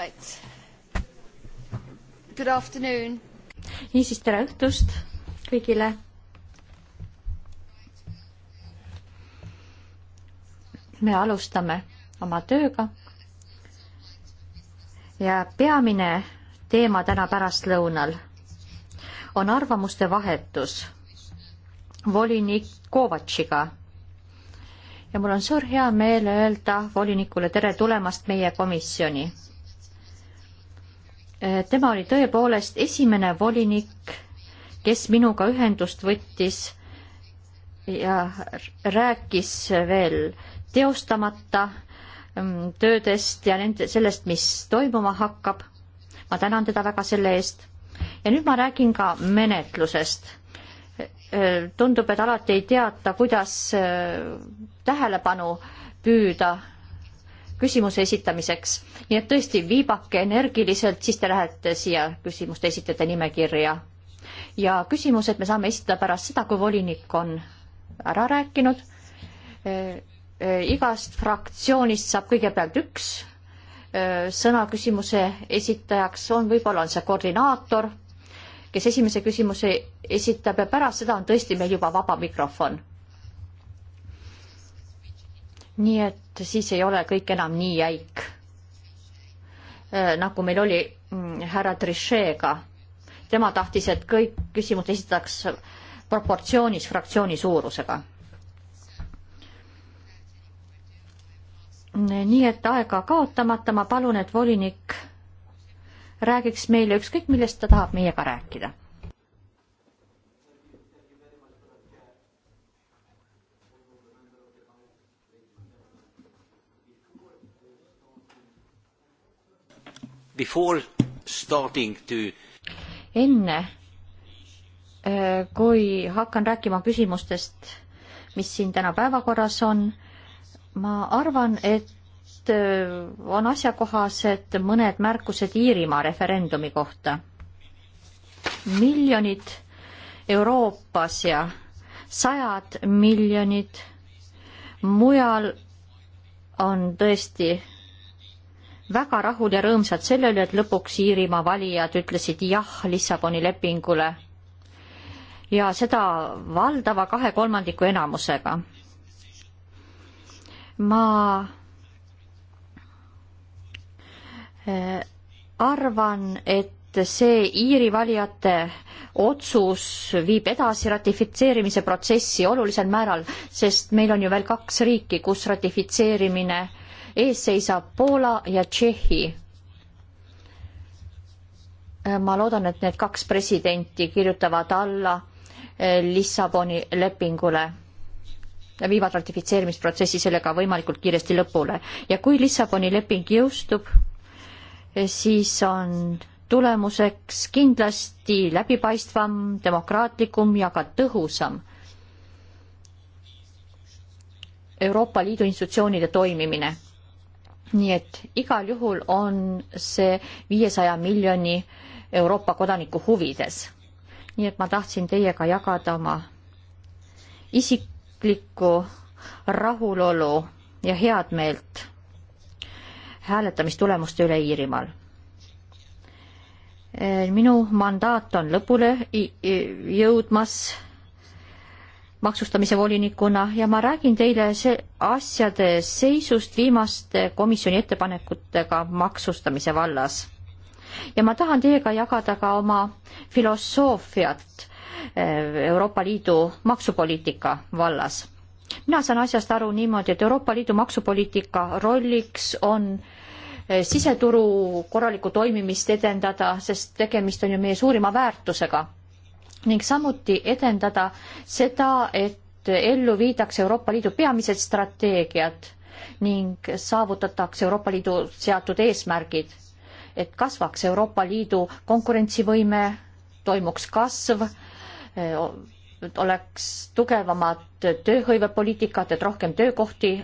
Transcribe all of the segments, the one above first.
Right. Good afternoon. niisiis, tere õhtust kõigile. me alustame oma tööga. ja peamine teema täna pärastlõunal on arvamuste vahetus volinik Kovatšiga ja mul on suur hea meel öelda volinikule tere tulemast meie komisjoni Eh, tema oli tõepoolest esimene volinik, kes minuga ühendust võttis ja rääkis veel teostamata mm, töödest ja nende, sellest, mis toimuma hakkab. ma tänan teda väga selle eest. ja nüüd ma räägin ka menetlusest. Eh, tundub, et alati ei teata, kuidas eh, tähelepanu püüda küsimuse esitamiseks. nii et tõesti, viibake energiliselt, siis te lähete siia küsimuste esitajate nimekirja. ja küsimused me saame esitada pärast seda, kui volinik on ära rääkinud e,. E, igast fraktsioonist saab kõigepealt üks e, sõna küsimuse esitajaks, on võib-olla on see koordinaator, kes esimese küsimuse esitab ja pärast seda on tõesti meil juba vaba mikrofon nii et siis ei ole kõik enam nii jäik, äh, nagu meil oli mm, härra Trichet'ga. tema tahtis, et kõik küsimused esitataks proportsioonis fraktsiooni suurusega. nii et aega kaotamata ma palun, et volinik räägiks meile ükskõik, millest ta tahab meiega rääkida Before starting to enne äh, kui hakkan rääkima küsimustest, mis siin täna päevakorras on, ma arvan, et äh, on asjakohased mõned märkused Iirimaa referendumi kohta. miljonid Euroopas ja sajad miljonid mujal on tõesti väga rahul ja rõõmsad selle üle, et lõpuks Iirimaa valijad ütlesid jah Lissaboni lepingule ja seda valdava kahe kolmandiku enamusega. ma äh, arvan, et see Iiri valijate otsus viib edasi ratifitseerimise protsessi olulisel määral, sest meil on ju veel kaks riiki, kus ratifitseerimine ees seisab Poola ja Tšehhi. Äh, ma loodan, et need kaks presidenti kirjutavad alla äh, Lissaboni lepingule ja viivad ratifitseerimisprotsessi sellega võimalikult kiiresti lõpule. ja kui Lissaboni leping jõustub, äh, siis on tulemuseks kindlasti läbipaistvam, demokraatlikum ja ka tõhusam Euroopa Liidu institutsioonide toimimine nii et igal juhul on see viiesaja miljoni Euroopa kodaniku huvides. nii et ma tahtsin teiega jagada oma isiklikku rahulolu ja head meelt hääletamistulemuste üle Iirimaal. minu mandaat on lõpule jõudmas maksustamise volinikuna ja ma räägin teile see asjade seisust viimaste komisjoni ettepanekutega maksustamise vallas. ja ma tahan teiega jagada ka oma filosoofiat eh, Euroopa Liidu maksupoliitika vallas. mina saan asjast aru niimoodi, et Euroopa Liidu maksupoliitika rolliks on eh, siseturu korralikku toimimist edendada, sest tegemist on ju meie suurima väärtusega ning samuti edendada seda, et ellu viidaks Euroopa Liidu peamised strateegiad ning saavutatakse Euroopa Liidu seatud eesmärgid, et kasvaks Euroopa Liidu konkurentsivõime, toimuks kasv, oleks tugevamad tööhõivepoliitikad, et rohkem töökohti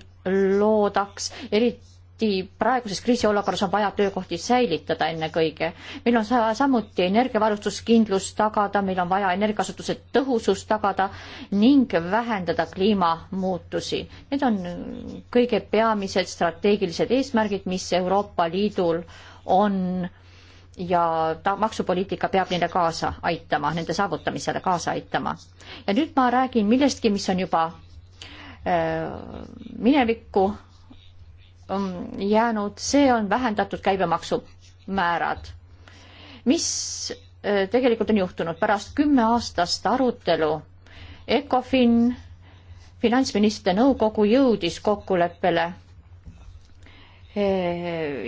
loodaks, eriti eriti praeguses kriisiolukorras on vaja töökohti säilitada ennekõige. meil on samuti energiavarustuskindlus tagada, meil on vaja energiakasutuse tõhusus tagada ning vähendada kliimamuutusi. Need on kõige peamised strateegilised eesmärgid, mis Euroopa Liidul on ja ta, maksupoliitika peab neile kaasa aitama, nende saavutamisele kaasa aitama. ja nüüd ma räägin millestki, mis on juba äh, minevikku jäänud, see on vähendatud käibemaksumäärad. mis äh, tegelikult on juhtunud pärast kümneaastast arutelu ECOFIN finantsministrite nõukogu jõudis kokkuleppele äh,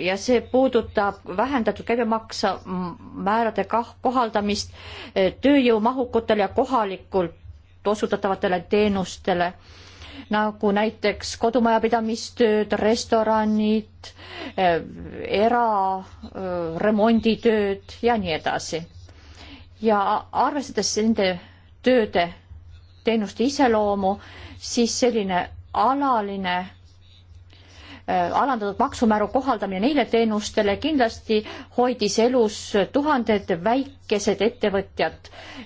ja see puudutab vähendatud käibemaksu määrade kohaldamist äh, tööjõumahukatel ja kohalikult osutatavatele teenustele nagu näiteks kodumajapidamistööd, restoranid, eh, eraremonditööd ja nii edasi. ja arvestades nende tööde teenuste iseloomu, siis selline alaline eh, alandatud maksumääru kohaldamine neile teenustele kindlasti hoidis elus tuhanded väikesed ettevõtjad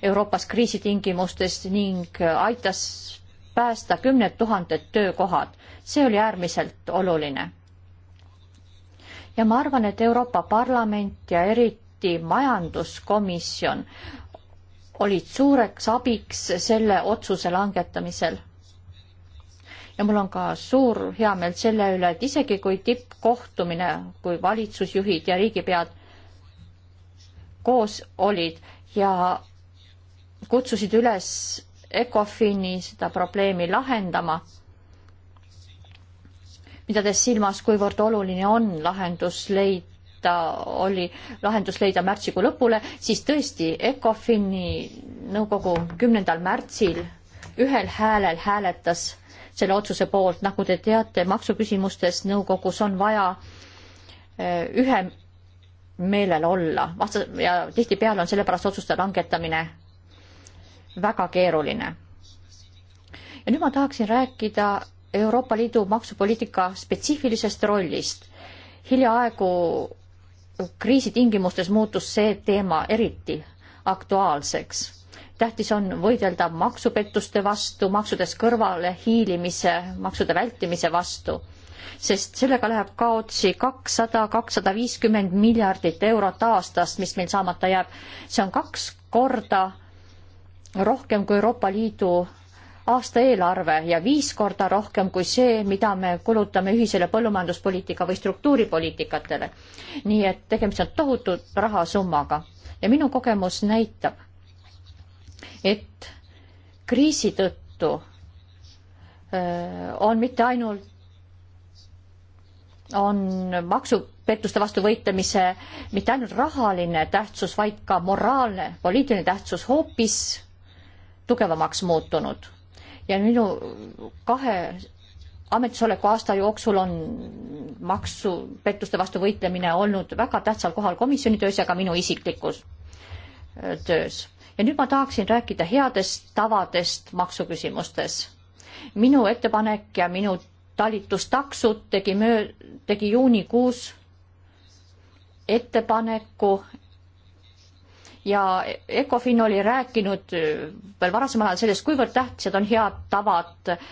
Euroopas kriisitingimustes ning aitas päästa kümned tuhanded töökohad. see oli äärmiselt oluline. ja ma arvan, et Euroopa Parlament ja eriti majanduskomisjon olid suureks abiks selle otsuse langetamisel. ja mul on ka suur heameel selle üle, et isegi kui tippkohtumine, kui valitsusjuhid ja riigipead koos olid ja kutsusid üles ECOFIN-i seda probleemi lahendama. pidades silmas, kuivõrd oluline on lahendus leida, oli lahendus leida märtsikuu lõpule, siis tõesti ECOFIN-i nõukogu kümnendal märtsil ühel häälel hääletas selle otsuse poolt, nagu te teate, maksuküsimustes nõukogus on vaja eh, ühe meelel olla, vasta- ja tihtipeale on sellepärast otsuste langetamine väga keeruline. ja nüüd ma tahaksin rääkida Euroopa Liidu maksupoliitika spetsiifilisest rollist. hiljaaegu kriisi tingimustes muutus see teema eriti aktuaalseks. tähtis on võidelda maksupettuste vastu, maksudest kõrvale hiilimise, maksude vältimise vastu, sest sellega läheb kaotsi kakssada, kakssada viiskümmend miljardit eurot aastas, mis meil saamata jääb. see on kaks korda rohkem kui Euroopa Liidu aastaeelarve ja viis korda rohkem kui see, mida me kulutame ühisele põllumajanduspoliitika või struktuuripoliitikatele. nii et tegemist on tohutu rahasummaga ja minu kogemus näitab, et kriisi tõttu on mitte ainult, on maksupettuste vastu võitlemise mitte ainult rahaline tähtsus, vaid ka moraalne, poliitiline tähtsus hoopis tugevamaks muutunud ja minu kahe ametisoleku aasta jooksul on maksupettuste vastu võitlemine olnud väga tähtsal kohal komisjoni töös ja ka minu isiklikus äh, töös. ja nüüd ma tahaksin rääkida headest tavadest maksuküsimustes. minu ettepanek ja minu talitustaksud tegi möö-, tegi juunikuus ettepaneku, ja Ecofin oli rääkinud äh, veel varasemal ajal sellest, kuivõrd tähtsad on head tavad äh,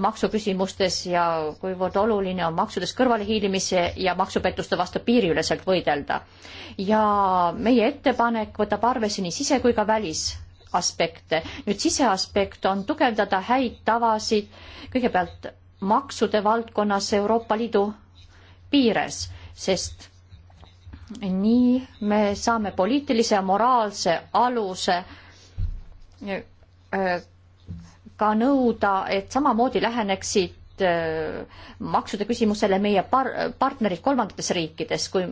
maksuküsimustes ja kuivõrd oluline on maksudest kõrvalehiilimise ja maksupettuste vastu piiriüleselt võidelda. ja meie ettepanek võtab arvesse nii sise- kui ka välisaspekte. nüüd siseaspekt on tugevdada häid tavasid kõigepealt maksude valdkonnas Euroopa Liidu piires, sest nii me saame poliitilise ja moraalse aluse äh, ka nõuda, et samamoodi läheneksid äh, maksude küsimusele meie par-, partnerid kolmandates riikides, kui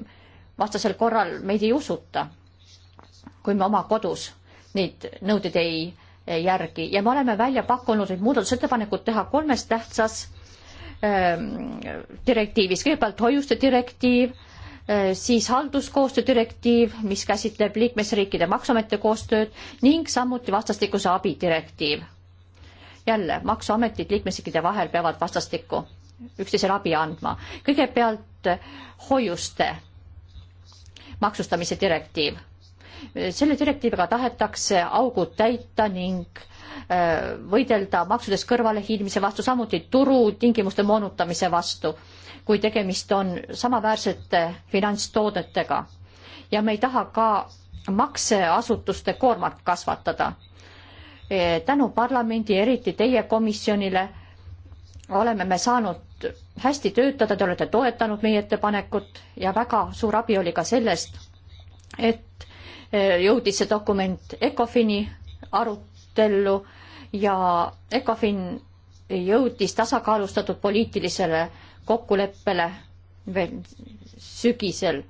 vastasel korral meid ei usuta, kui me oma kodus neid nõudeid ei järgi ja me oleme välja pakkunud, et muudatusettepanekud teha kolmes tähtsas ähm, direktiivis, kõigepealt hoiuste direktiiv Äh, siis halduskoostöö direktiiv, mis käsitleb liikmesriikide maksuameti koostööd ning samuti vastastikuse abi direktiiv. jälle, maksuametid liikmesriikide vahel peavad vastastikku üksteisele abi andma. kõigepealt hoiuste maksustamise direktiiv selle direktiiviga tahetakse augud täita ning äh, võidelda maksudest kõrvalehiilmise vastu, samuti turutingimuste moonutamise vastu, kui tegemist on samaväärsete finantstoodetega. ja me ei taha ka makseasutuste koormat kasvatada. Äh, tänu parlamendi, eriti teie komisjonile, oleme me saanud hästi töötada, te olete toetanud meie ettepanekut ja väga suur abi oli ka sellest, et jõudis see dokument ECOFIN-i arutellu ja ECOFIN jõudis tasakaalustatud poliitilisele kokkuleppele veel sügisel.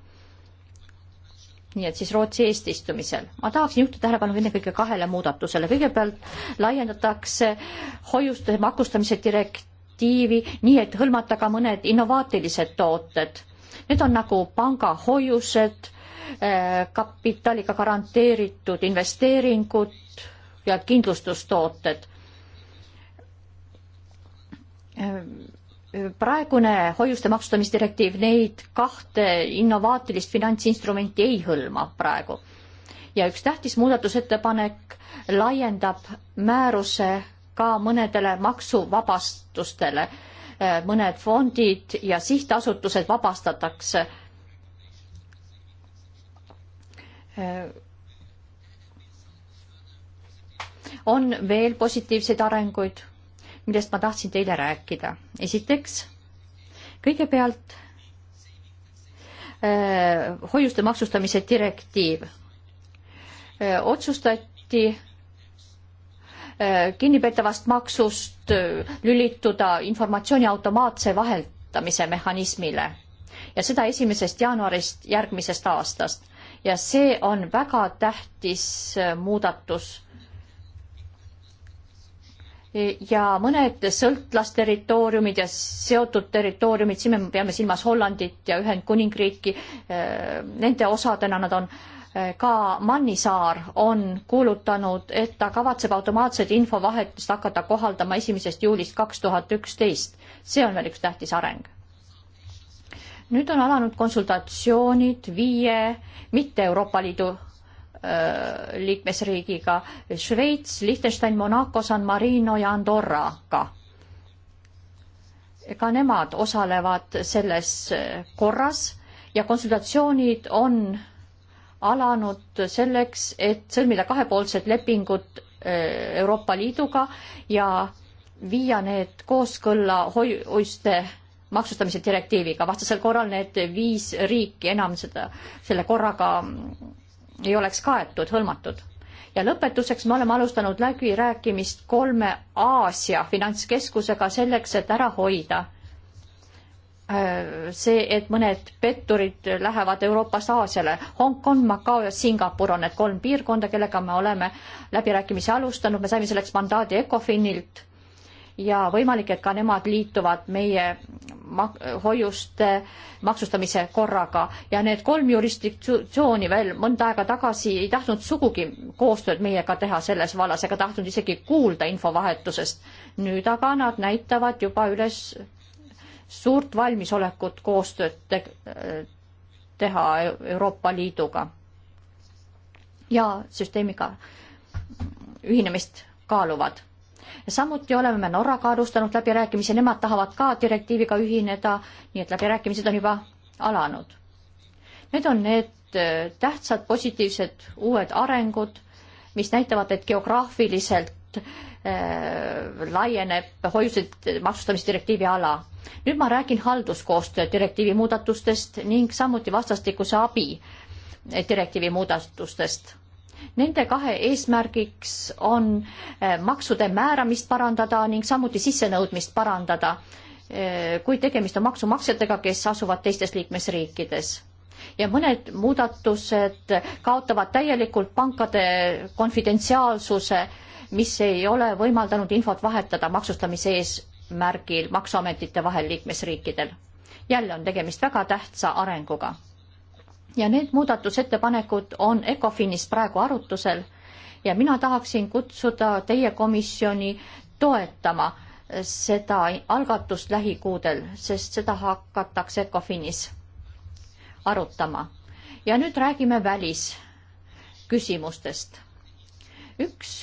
nii et siis Rootsi eesistumisel. ma tahaksin juhtida tähelepanu ennekõike kahele muudatusele. kõigepealt laiendatakse hoiuste makustamise direktiivi nii, et hõlmata ka mõned innovaatilised tooted. Need on nagu pangahoiused kapitaliga garanteeritud investeeringud ja kindlustustooted. praegune hoiuste maksustamisdirektiiv neid kahte innovaatilist finantsinstrumenti ei hõlma praegu. ja üks tähtis muudatusettepanek laiendab määruse ka mõnedele maksuvabastustele. mõned fondid ja sihtasutused vabastatakse äh, on veel positiivseid arenguid, millest ma tahtsin teile rääkida. esiteks, kõigepealt äh, hoiuste maksustamise direktiiv äh,. otsustati äh, kinnipeetavast maksust äh, lülituda informatsiooni automaatse vaheldamise mehhanismile ja seda esimesest jaanuarist järgmisest aastast ja see on väga tähtis äh, muudatus. ja mõned sõltlasterritooriumid ja seotud territooriumid, siin me peame silmas Hollandit ja Ühendkuningriiki, äh, nende osadena nad on äh, ka Mannisaar on kuulutanud, et ta kavatseb automaatset infovahetust hakata kohaldama esimesest juulist kaks tuhat üksteist. see on veel üks tähtis areng nüüd on alanud konsultatsioonid viie mitte Euroopa Liidu öö, äh, liikmesriigiga Šveits, Liechtenstein, Monaco, San Marino ja Andorraga. ka nemad osalevad selles äh, korras ja konsultatsioonid on alanud selleks, et sõlmida kahepoolsed lepingud äh, Euroopa Liiduga ja viia need kooskõlla hoiuste maksustamise direktiiviga, vastasel korral need viis riiki enam seda, selle korraga ei oleks kaetud, hõlmatud. ja lõpetuseks me oleme alustanud läbirääkimist kolme Aasia finantskeskusega selleks, et ära hoida äh, see, et mõned petturid lähevad Euroopast Aasiale. Hongkong, Macao ja Singapur on need kolm piirkonda, kellega me oleme läbirääkimisi alustanud, me saime selleks mandaadi ECOFINilt ja võimalik, et ka nemad liituvad meie mak hoiuste maksustamise korraga ja need kolm jurisdiktsiooni veel mõnda aega tagasi ei tahtnud sugugi koostööd meiega teha selles vallas ega tahtnud isegi kuulda infovahetusest. nüüd aga nad näitavad juba üles suurt valmisolekut koostööd te teha Euroopa Liiduga ja süsteemiga ühinemist kaaluvad samuti oleme me Norraga alustanud läbirääkimisi, nemad tahavad ka direktiiviga ühineda, nii et läbirääkimised on juba alanud. Need on need äh, tähtsad positiivsed uued arengud, mis näitavad, et geograafiliselt äh, laieneb hoiuste maksustamise direktiivi ala. nüüd ma räägin halduskoostöö direktiivi muudatustest ning samuti vastastikuse abi äh, direktiivi muudatustest Nende kahe eesmärgiks on eh, maksude määramist parandada ning samuti sissenõudmist parandada, eh, kui tegemist on maksumaksjatega, kes asuvad teistes liikmesriikides. ja mõned muudatused kaotavad täielikult pankade konfidentsiaalsuse, mis ei ole võimaldanud infot vahetada maksustamise eesmärgil maksuametite vahel liikmesriikidel. jälle on tegemist väga tähtsa arenguga ja need muudatusettepanekud on ECOFINis praegu arutusel ja mina tahaksin kutsuda teie komisjoni toetama seda algatust lähikuudel, sest seda hakatakse ECOFINis arutama. ja nüüd räägime välisküsimustest. üks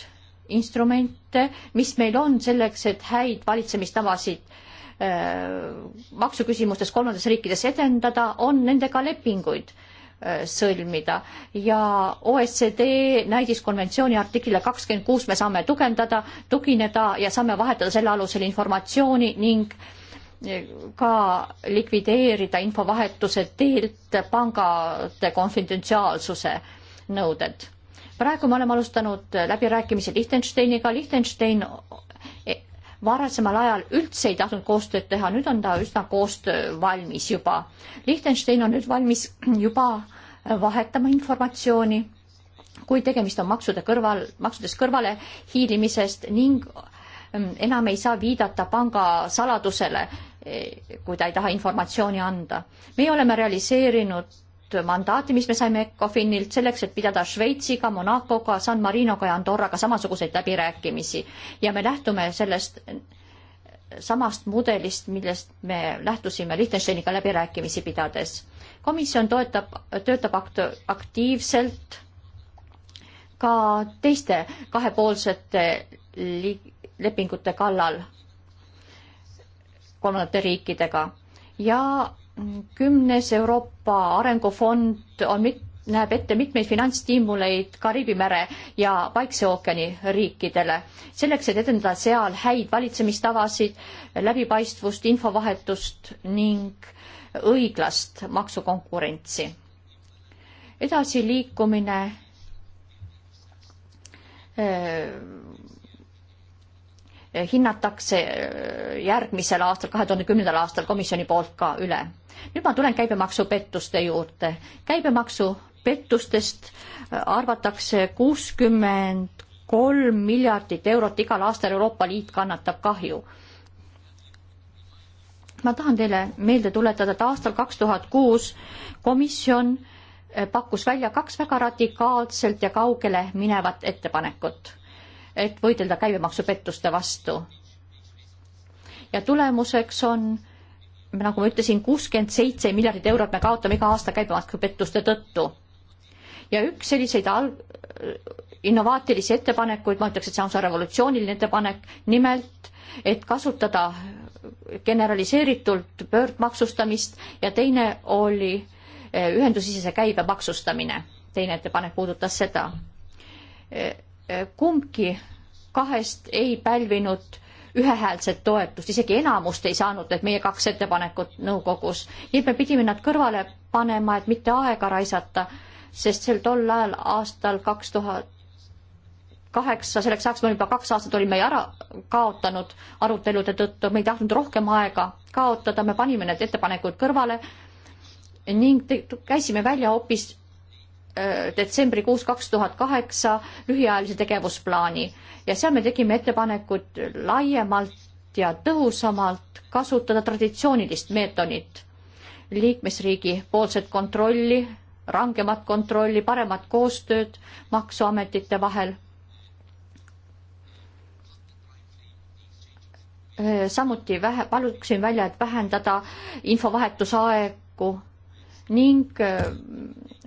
instrumente, mis meil on selleks, et häid valitsemistavasid äh, maksuküsimustes kolmandates riikides edendada, on nendega lepinguid Äh, sõlmida ja OECD näidiskonventsiooni artiklile kakskümmend kuus me saame tugevdada, tugineda ja saame vahetada selle alusel informatsiooni ning äh, ka likvideerida infovahetuse teelt pangade konfidentsiaalsuse nõuded. praegu me oleme alustanud läbirääkimisi Liechtensteiniga, Liechtenstein varasemal ajal üldse ei tahtnud koostööd teha, nüüd on ta üsna koostöövalmis juba. Liechtenstein on nüüd valmis juba vahetama informatsiooni, kui tegemist on maksude kõrval, maksudest kõrvale hiilimisest ning mm, enam ei saa viidata panga saladusele, eh, kui ta ei taha informatsiooni anda. meie oleme realiseerinud mandaati, mis me saime ECOFINilt selleks, et pidada Šveitsiga, Monacoga, San Marinoga ja Andorraga samasuguseid läbirääkimisi ja me lähtume sellest samast mudelist, millest me lähtusime Liechtensteiniga läbirääkimisi pidades. komisjon toetab, töötab akt-, aktiivselt ka teiste kahepoolsete li-, lepingute kallal kolmandate riikidega ja kümnes Euroopa arengufond on mit-, näeb ette mitmeid finantsstiimuleid Kariibi mere ja Vaikse ookeani riikidele, selleks, et edendada seal häid valitsemistavasid, läbipaistvust, infovahetust ning õiglast maksukonkurentsi. edasiliikumine öö, äh, hinnatakse äh, järgmisel aastal, kahe tuhande kümnendal aastal komisjoni poolt ka üle. nüüd ma tulen käibemaksupettuste juurde. käibemaksupettustest äh, arvatakse kuuskümmend kolm miljardit eurot igal aastal Euroopa Liit kannatab kahju. ma tahan teile meelde tuletada, et aastal kaks tuhat kuus komisjon äh, pakkus välja kaks väga radikaalselt ja kaugele minevat ettepanekut et võidelda käibemaksupettuste vastu. ja tulemuseks on, nagu ma ütlesin, kuuskümmend seitse miljardit eurot me kaotame iga aasta käibemaksupettuste tõttu. ja üks selliseid alg-, innovaatilisi ettepanekuid, ma ütleks, et see on see revolutsiooniline ettepanek, nimelt et kasutada generaliseeritult pöördmaksustamist ja teine oli eh, ühendusisese käibe maksustamine. teine ettepanek puudutas seda. Eh, kumbki kahest ei pälvinud ühehäälset toetust, isegi enamust ei saanud need meie kaks ettepanekut nõukogus. nii et me pidime nad kõrvale panema, et mitte aega raisata, sest sel tol ajal aastal kaks tuhat kaheksa, selleks ajaks me juba kaks aastat olime ära kaotanud arutelude tõttu, me ei tahtnud rohkem aega kaotada, me panime need ettepanekud kõrvale ning te, käisime välja hoopis Äh, detsembrikuus kaks tuhat kaheksa lühiajalise tegevusplaani ja seal me tegime ettepanekud laiemalt ja tõhusamalt kasutada traditsioonilist meetodit, liikmesriigi poolset kontrolli, rangemat kontrolli, paremat koostööd maksuametite vahel. Äh, samuti vähe, paluksin välja, et vähendada infovahetuse aegu ning äh,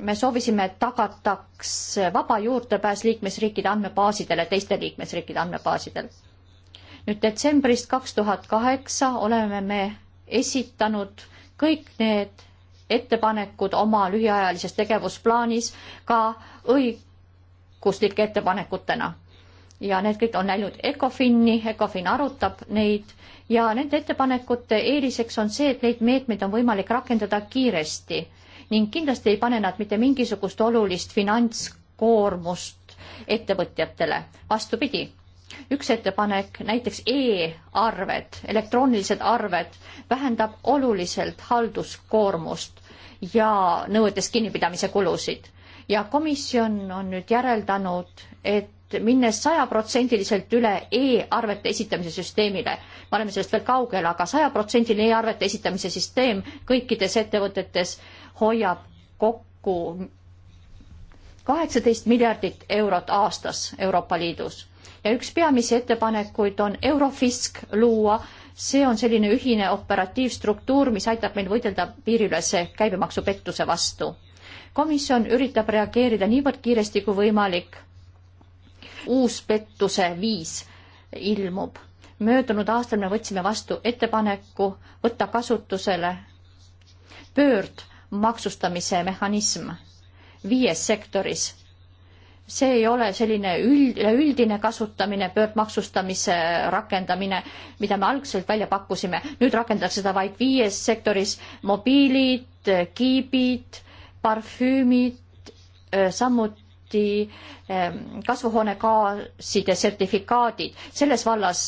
me soovisime, et tagataks vaba juurdepääs liikmesriikide andmebaasidele, teiste liikmesriikide andmebaasidel. nüüd detsembrist kaks tuhat kaheksa oleme me esitanud kõik need ettepanekud oma lühiajalises tegevusplaanis ka õiguslike ettepanekutena ja need kõik on läinud ECOFIN-i, ECOFIN arutab neid ja nende ettepanekute eeliseks on see, et neid meetmeid on võimalik rakendada kiiresti ning kindlasti ei pane nad mitte mingisugust olulist finantskoormust ettevõtjatele, vastupidi üks ettepanek, näiteks e-arved, elektroonilised arved, vähendab oluliselt halduskoormust ja nõuetes kinnipidamise kulusid. ja komisjon on nüüd järeldanud, et minnes sajaprotsendiliselt üle e-arvete esitamise süsteemile. me oleme sellest veel kaugel aga, aga sajaprotsendiline e-arvete esitamise süsteem kõikides ettevõtetes hoiab kokku kaheksateist miljardit eurot aastas Euroopa Liidus ja üks peamisi ettepanekuid on Eurofisk luua. see on selline ühine operatiivstruktuur, mis aitab meil võidelda piiriülese käibemaksupettuse vastu. komisjon üritab reageerida niivõrd kiiresti kui võimalik uus pettuse viis ilmub. möödunud aastal me võtsime vastu ettepaneku võtta kasutusele pöördmaksustamise mehhanism viies sektoris. see ei ole selline üld, üleüldine kasutamine, pöördmaksustamise rakendamine, mida me algselt välja pakkusime. nüüd rakendatakse seda vaid viies sektoris mobiilid, kiibid, parfüümid, samuti samuti ehm, kasvuhoonegaaside sertifikaadid. selles vallas,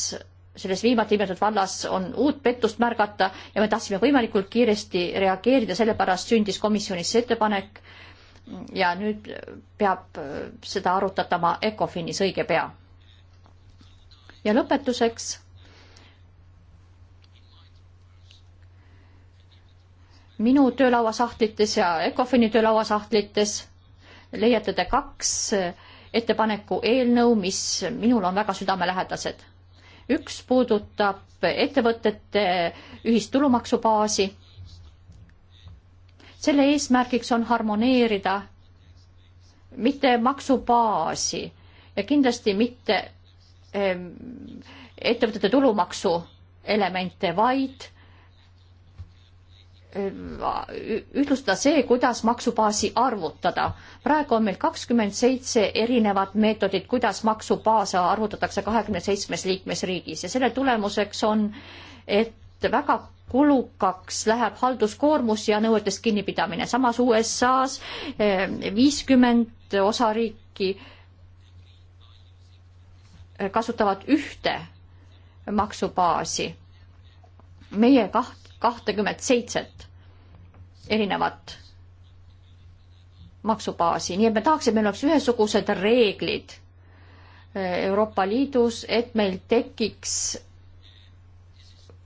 selles viimati nimetatud vallas on uut pettust märgata ja me tahtsime võimalikult kiiresti reageerida, sellepärast sündis komisjonis see ettepanek ja nüüd peab eh, seda arutatama ECOFINis õige pea. ja lõpetuseks. minu töölauasahtlites ja ECOFINi töölauasahtlites leiate te kaks ettepaneku eelnõu, mis minul on väga südamelähedased. üks puudutab ettevõtete ühist tulumaksubaasi. selle eesmärgiks on harmoneerida mitte maksubaasi ja kindlasti mitte ehm, ettevõtete tulumaksu elemente, vaid Äh, ühtlustada see, kuidas maksubaasi arvutada. praegu on meil kakskümmend seitse erinevat meetodit, kuidas maksubaase arvutatakse kahekümne seitsmes liikmesriigis ja selle tulemuseks on, et väga kulukaks läheb halduskoormus ja nõuetest kinnipidamine. samas USA-s äh, viiskümmend osariiki äh, kasutavad ühte maksubaasi, meie kaht, kahtekümmet seitset erinevat maksubaasi, nii et me tahaksime, meil oleks ühesugused reeglid eh, Euroopa Liidus, et meil tekiks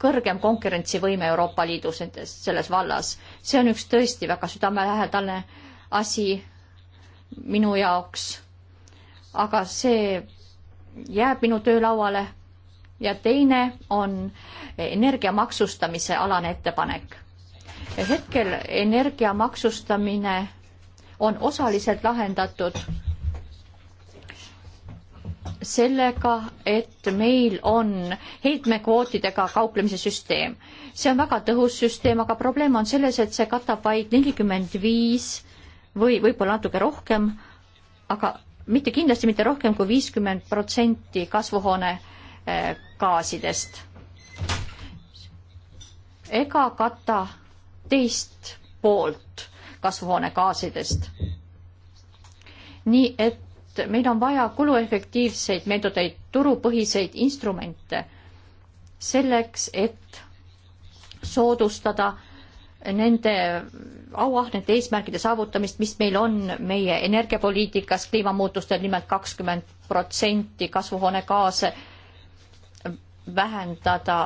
kõrgem konkurentsivõime Euroopa Liidus nendes, selles vallas. see on üks tõesti väga südamelähedane asi minu jaoks. aga see jääb minu töölauale. ja teine on energia maksustamise alane ettepanek hetkel energia maksustamine on osaliselt lahendatud sellega, et meil on heitmekvootidega kauplemise süsteem. see on väga tõhus süsteem, aga probleem on selles, et see katab vaid nelikümmend viis või võib-olla natuke rohkem, aga mitte kindlasti mitte rohkem kui viiskümmend protsenti kasvuhoonegaasidest. Eh, ega kata teist poolt kasvuhoonegaasidest. nii et meil on vaja kuluefektiivseid meetodeid, turupõhiseid instrumente selleks, et soodustada nende auahnete eesmärkide saavutamist, mis meil on meie energiapoliitikas kliimamuutustel nimelt kakskümmend protsenti kasvuhoonegaase vähendada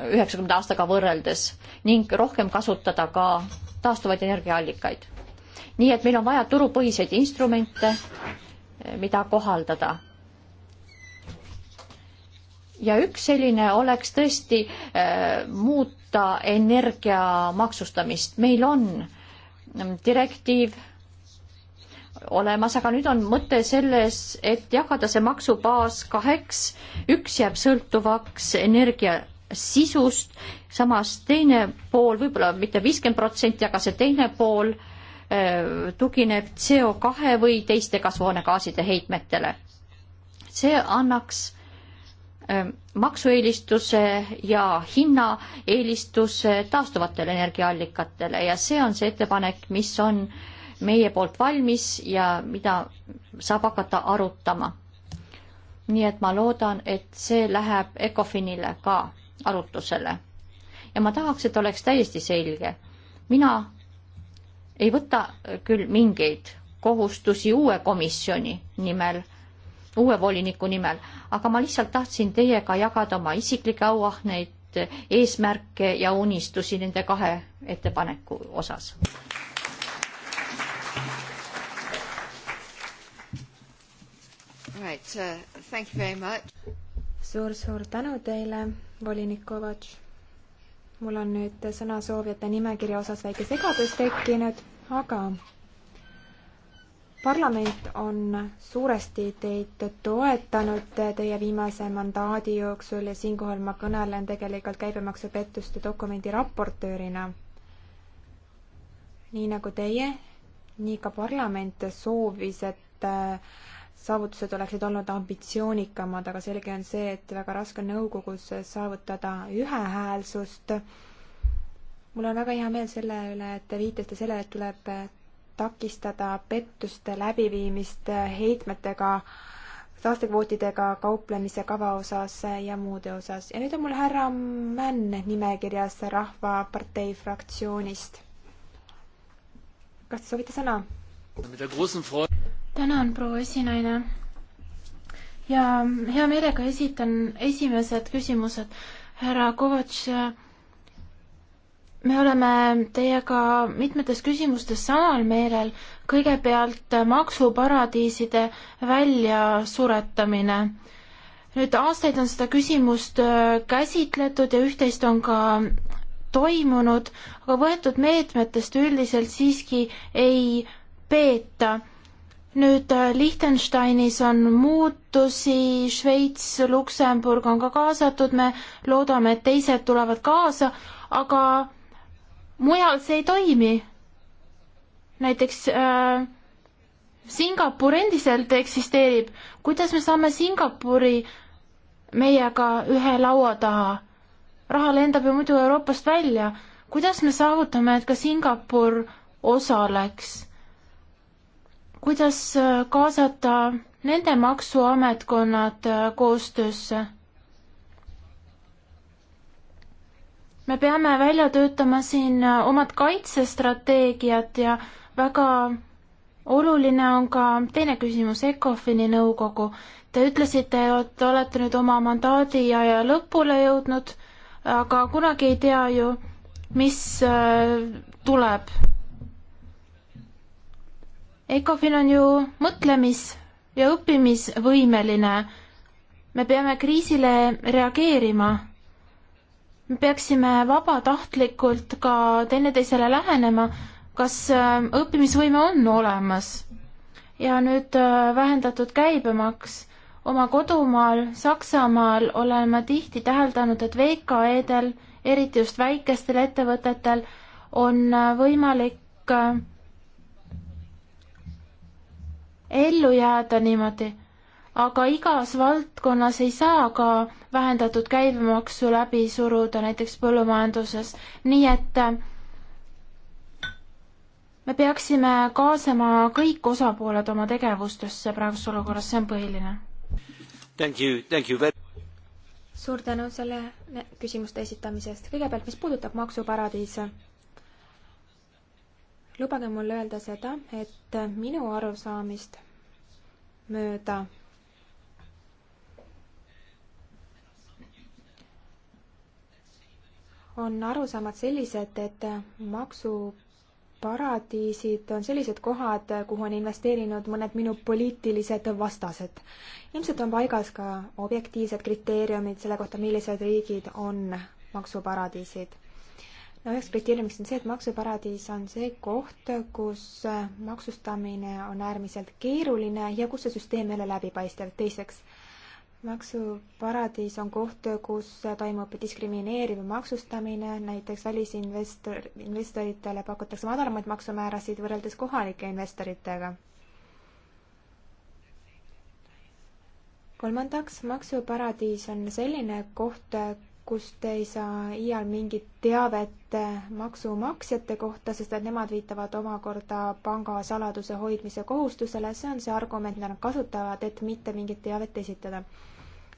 üheksakümnenda aastaga võrreldes ning rohkem kasutada ka taastuvaid energiaallikaid. nii et meil on vaja turupõhiseid instrumente, eh, mida kohaldada. ja üks selline oleks tõesti äh, muuta energia maksustamist. meil on mm, direktiiv olemas, aga nüüd on mõte selles, et jagada see maksubaas kaheks, üks jääb sõltuvaks energia sisust, samas teine pool, võib-olla mitte viiskümmend protsenti, aga see teine pool eh, tugineb CO kahe või teiste kasvuhoonegaaside heitmetele. see annaks eh, maksueelistuse ja hinnaeelistuse taastuvatele energiaallikatele ja see on see ettepanek, mis on meie poolt valmis ja mida saab hakata arutama. nii et ma loodan, et see läheb ECOFINile ka arutlusele. ja ma tahaks, et oleks täiesti selge. mina ei võta küll mingeid kohustusi uue komisjoni nimel, uue voliniku nimel, aga ma lihtsalt tahtsin teiega jagada oma isiklikke auahneid, eesmärke ja unistusi nende kahe ettepaneku osas. Right, uh, thank you very much. suur-suur tänu teile volinik Kovatš. mul on nüüd sõnasoovijate nimekirja osas väike segadus tekkinud, aga parlament on suuresti teid toetanud teie viimase mandaadi jooksul ja siinkohal ma kõnelen tegelikult käibemaksupettuste dokumendi raportöörina. nii nagu teie, nii ka parlament soovis, et saavutused oleksid olnud ambitsioonikamad, aga selge on see, et väga raske on nõukogus saavutada ühehäälsust. mul on väga hea meel selle üle, et te viitasite sellele, et tuleb takistada pettuste läbiviimist heitmetega, saastekvootidega kauplemise kava osas ja muude osas. ja nüüd on mul härra Männ nimekirjas Rahvapartei fraktsioonist. kas te soovite sõna? tänan, proua esinaine. ja hea meelega esitan esimesed küsimused. härra Kovatš, me oleme teiega mitmetes küsimustes samal meelel. kõigepealt maksuparadiiside väljasuretamine nüüd aastaid on seda küsimust äh, käsitletud ja üht-teist on ka toimunud, aga võetud meetmetest üldiselt siiski ei peeta nüüd äh, Liechtensteinis on muutusi, Šveits, Luksemburg on ka kaasatud, me loodame, et teised tulevad kaasa, aga mujal see ei toimi. näiteks äh, Singapur endiselt eksisteerib, kuidas me saame Singapuri meiega ühe laua taha? raha lendab ju muidu Euroopast välja, kuidas me saavutame, et ka Singapur osaleks? kuidas äh, kaasata nende maksuametkonnad äh, koostöösse? me peame välja töötama siin äh, omad kaitsestrateegiad ja väga oluline on ka teine küsimus, ECOFIN-i nõukogu. Te ütlesite, et olete nüüd oma mandaadi ja, ja lõpule jõudnud, aga kunagi ei tea ju, mis tuleb ECOFIN on ju mõtlemis- ja õppimisvõimeline. me peame kriisile reageerima. me peaksime vabatahtlikult ka teineteisele lähenema, kas äh, õppimisvõime on olemas. ja nüüd äh, vähendatud käibemaks. oma kodumaal Saksamaal olen ma tihti täheldanud, et VKE-del, eriti just väikestel ettevõtetel, on äh, võimalik ellu jääda niimoodi. aga igas valdkonnas ei saa ka vähendatud käibemaksu läbi suruda, näiteks põllumajanduses, nii et äh, me peaksime kaasama kõik osapooled oma tegevustesse praeguses olukorras, see on põhiline. suur tänu selle küsimuste esitamise eest. kõigepealt, mis puudutab maksuparadiise lubage mul öelda seda, et minu arusaamist mööda on arusaamad sellised, et maksuparadiisid on sellised kohad, kuhu on investeerinud mõned minu poliitilised vastased. ilmselt on paigas ka objektiivsed kriteeriumid selle kohta, millised riigid on maksuparadiisid no üheks kriteeriumiks on see, et maksuparadiis on see koht, kus äh, maksustamine on äärmiselt keeruline ja kus see süsteem ei ole läbipaistev. teiseks, maksuparadiis on koht, kus toimub diskrimineeriv maksustamine, näiteks välisinvestor, investoritele pakutakse madalamaid maksumäärasid võrreldes kohalike investoritega. kolmandaks, maksuparadiis on selline koht, kust ei saa iial mingit teavet maksumaksjate kohta, sest et nemad viitavad omakorda pangasaladuse hoidmise kohustusele, see on see argument, mida nad kasutavad, et mitte mingit teavet esitada.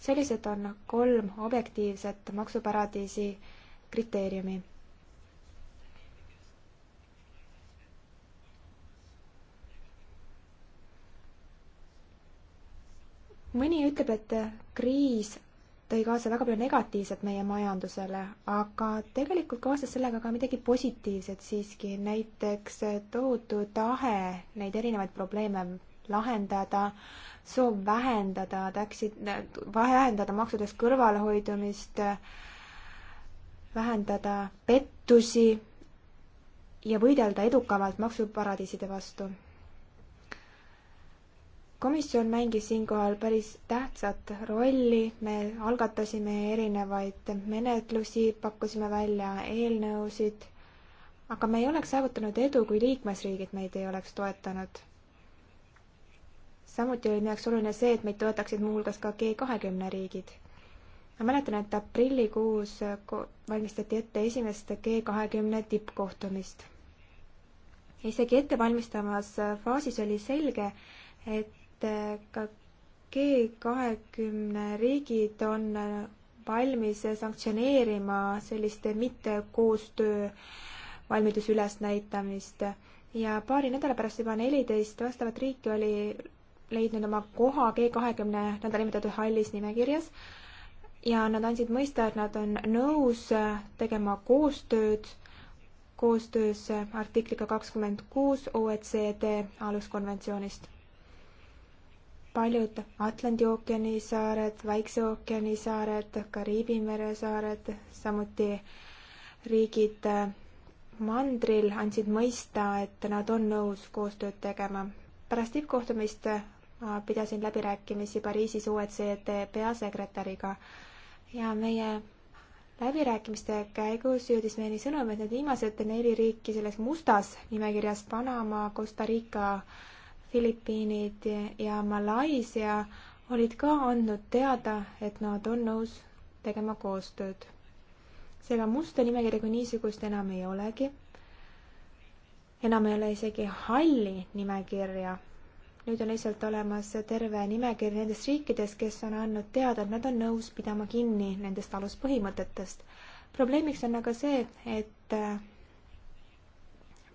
sellised on kolm objektiivset maksuparadiisi kriteeriumi. mõni ütleb, et kriis tõi kaasa väga palju negatiivset meie majandusele, aga tegelikult kaasas sellega ka midagi positiivset siiski, näiteks tohutu tahe neid erinevaid probleeme lahendada, soov vähendada täksid, vähendada maksudest kõrvalehoidumist, vähendada pettusi ja võidelda edukamalt maksuparadiiside vastu komisjon mängis siinkohal päris tähtsat rolli, me algatasime erinevaid menetlusi, pakkusime välja eelnõusid, aga me ei oleks saavutanud edu, kui liikmesriigid meid ei oleks toetanud. samuti oli minu jaoks oluline see, et meid toetaksid muuhulgas ka G kahekümne riigid. ma mäletan, et aprillikuus valmistati ette esimest G kahekümne tippkohtumist. isegi ettevalmistavas faasis oli selge, et et ka G kahekümne riigid on valmis sanktsioneerima selliste mittekoostöö valmiduse ülesnäitamist ja paari nädala pärast juba neliteist vastavat riiki oli leidnud oma koha G kahekümne nõndanimetatud hallis nimekirjas ja nad andsid mõista, et nad on nõus tegema koostööd koostöös artikliga kakskümmend kuus OECD aluskonventsioonist paljud Atlandi ookeani saared, Vaikse ookeani saared, Kariibi mere saared, samuti riigid äh, mandril andsid mõista, et nad on nõus koostööd tegema. pärast tippkohtumist ma äh, pidasin läbirääkimisi Pariisis OECD peasekretäriga ja meie läbirääkimiste käigus jõudis meieni sõnum, et need viimased neli riiki selles mustas nimekirjas, Panama, Costa Rica, Filipiinid ja Malaisia olid ka andnud teada, et nad on nõus tegema koostööd. seega musta nimekirja kui niisugust enam ei olegi. enam ei ole isegi halli nimekirja. nüüd on lihtsalt olemas terve nimekiri nendest riikidest, kes on andnud teada, et nad on nõus pidama kinni nendest aluspõhimõtetest. probleemiks on aga see, et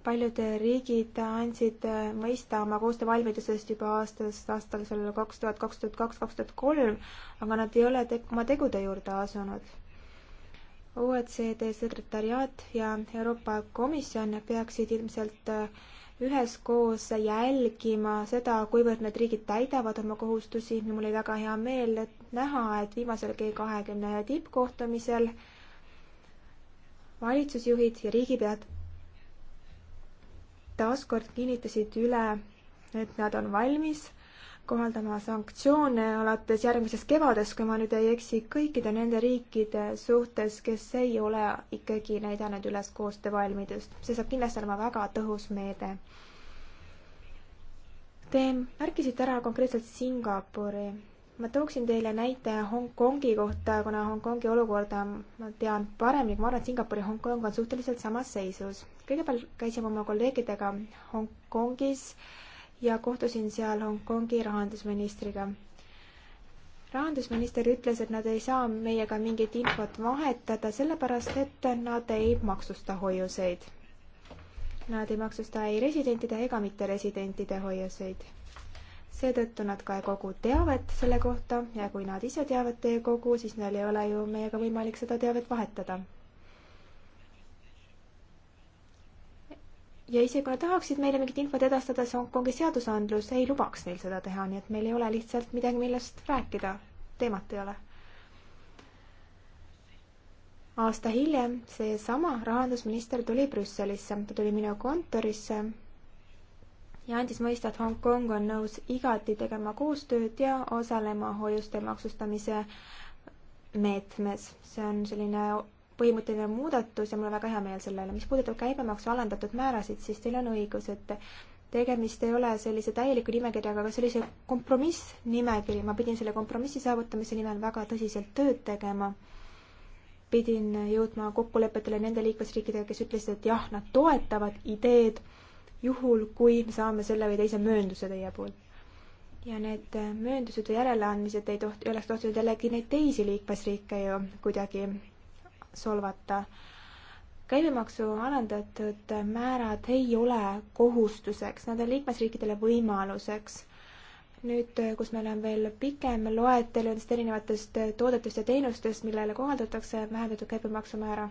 paljud riigid andsid äh, mõista oma koostöövalmidusest juba aastast aastal kaks tuhat, kaks tuhat kaks, kaks tuhat kolm, aga nad ei ole te oma tegude juurde asunud. OECD sekretariaat ja Euroopa Komisjon peaksid ilmselt äh, üheskoos jälgima seda, kuivõrd need riigid täidavad oma kohustusi. mul oli väga hea meel näha, et viimasel G kahekümne tippkohtumisel valitsusjuhid ja riigipead taaskord kinnitasid üle, et nad on valmis kohaldama sanktsioone alates järgmisest kevadest, kui ma nüüd ei eksi, kõikide nende riikide suhtes, kes ei ole ikkagi näidanud üles koostöövalmidust. see saab kindlasti olema väga tõhus meede. Te märkisite ära konkreetselt Singapuri. ma tooksin teile näite Hongkongi kohta, kuna Hongkongi olukorda ma tean paremini, ma arvan, et Singapur ja Hongkong on suhteliselt samas seisus kõigepealt käisime oma kolleegidega Hongkongis ja kohtusin seal Hongkongi rahandusministriga. rahandusminister ütles, et nad ei saa meiega mingit infot vahetada, sellepärast et nad ei maksusta hoiuseid. Nad ei maksusta ei residentide ega mitteresidentide hoiuseid. seetõttu nad ka ei kogu teavet selle kohta ja kui nad ise teavet ei kogu, siis neil ei ole ju meiega võimalik seda teavet vahetada ja isegi kui nad tahaksid meile mingit infot edastada, siis Hongkongi seadusandlus ei lubaks neil seda teha, nii et meil ei ole lihtsalt midagi, millest rääkida. teemat ei ole. aasta hiljem seesama rahandusminister tuli Brüsselisse, ta tuli minu kontorisse ja andis mõista, et Hongkong on nõus igati tegema koostööd ja osalema hoiuste maksustamise meetmes. see on selline põhimõtteline muudatus ja mul on väga hea meel selle üle. mis puudutab käibemaksu alandatud määrasid, siis teil on õigus, et tegemist ei ole sellise täieliku nimekirjaga, aga see oli see kompromissnimekiri, ma pidin selle kompromissi saavutamise nimel väga tõsiselt tööd tegema. pidin jõudma kokkulepetele nende liikmesriikidega, kes ütlesid, et jah, nad toetavad ideed, juhul kui me saame selle või teise möönduse teie poolt. ja need mööndused või järeleandmised ei toht-, ei oleks tohtinud jällegi neid teisi liikmesriike ju kuidagi solvata. käibemaksu alandatud määrad ei ole kohustuseks, nad on liikmesriikidele võimaluseks nüüd, kus meil on veel pikem loetelu nendest erinevatest toodetest ja teenustest, millele kohaldatakse vähendatud käibemaksumäära,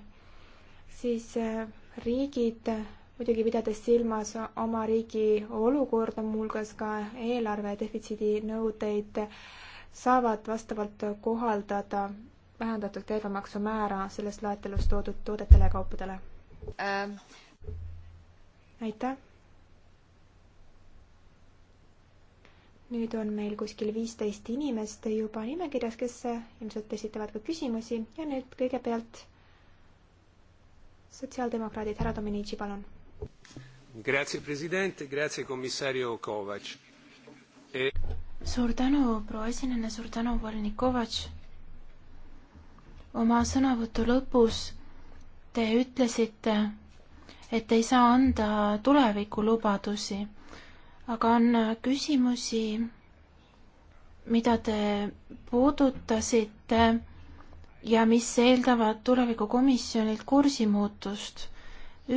siis eh, riigid, muidugi pidades silmas oma riigi olukorda, muuhulgas ka eelarve defitsiidi nõudeid, saavad vastavalt kohaldada vähendatud käibemaksumäära selles loetelus toodud toodetele ja kaupadele ähm.? aitäh! nüüd on meil kuskil viisteist inimest juba nimekirjas, kes ilmselt esitavad ka küsimusi ja nüüd kõigepealt sotsiaaldemokraadid, härra Dominici, palun. Grazie, president, grazie, komissario Kovatš e.... suur tänu, proua esinejana, suur tänu, volinik Kovatš oma sõnavõtu lõpus te ütlesite, et ei saa anda tulevikulubadusi, aga on küsimusi, mida te puudutasite ja mis eeldavad tulevikukomisjonilt kursimuutust.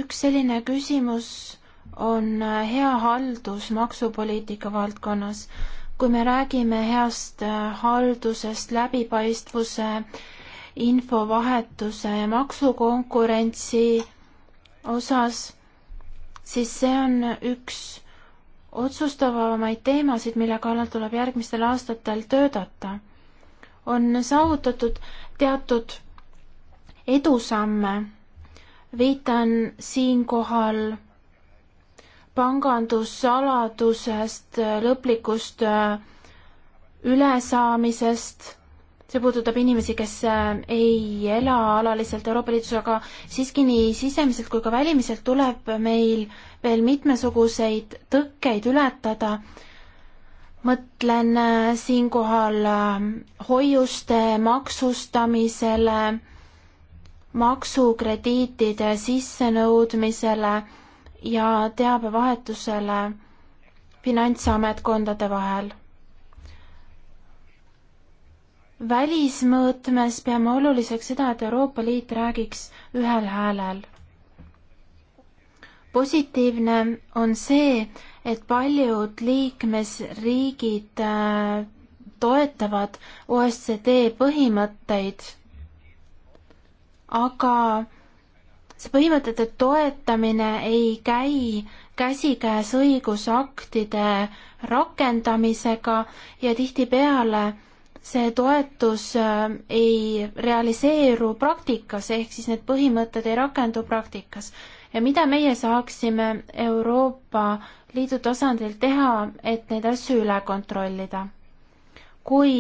üks selline küsimus on hea haldus maksupoliitika valdkonnas. kui me räägime heast haldusest, läbipaistvuse infovahetuse ja maksukonkurentsi osas, siis see on üks otsustavamaid teemasid, mille kallal tuleb järgmistel aastatel töötada. on saavutatud teatud edusamme. viitan siinkohal pangandussaladusest, lõplikust äh, ülesaamisest see puudutab inimesi, kes äh, ei ela alaliselt Euroopa Liidus, aga siiski nii sisemiselt kui ka välimiselt tuleb meil veel mitmesuguseid tõkkeid ületada. mõtlen äh, siinkohal äh, hoiuste maksustamisele, maksukrediitide sissenõudmisele ja teabevahetusele finantsametkondade vahel välismõõtmes peame oluliseks seda, et Euroopa Liit räägiks ühel häälel. positiivne on see, et paljud liikmesriigid äh, toetavad OSCD põhimõtteid, aga see põhimõtete toetamine ei käi käsikäes õigusaktide rakendamisega ja tihtipeale see toetus äh, ei realiseeru praktikas, ehk siis need põhimõtted ei rakendu praktikas. ja mida meie saaksime Euroopa Liidu tasandil teha, et neid asju üle kontrollida? kui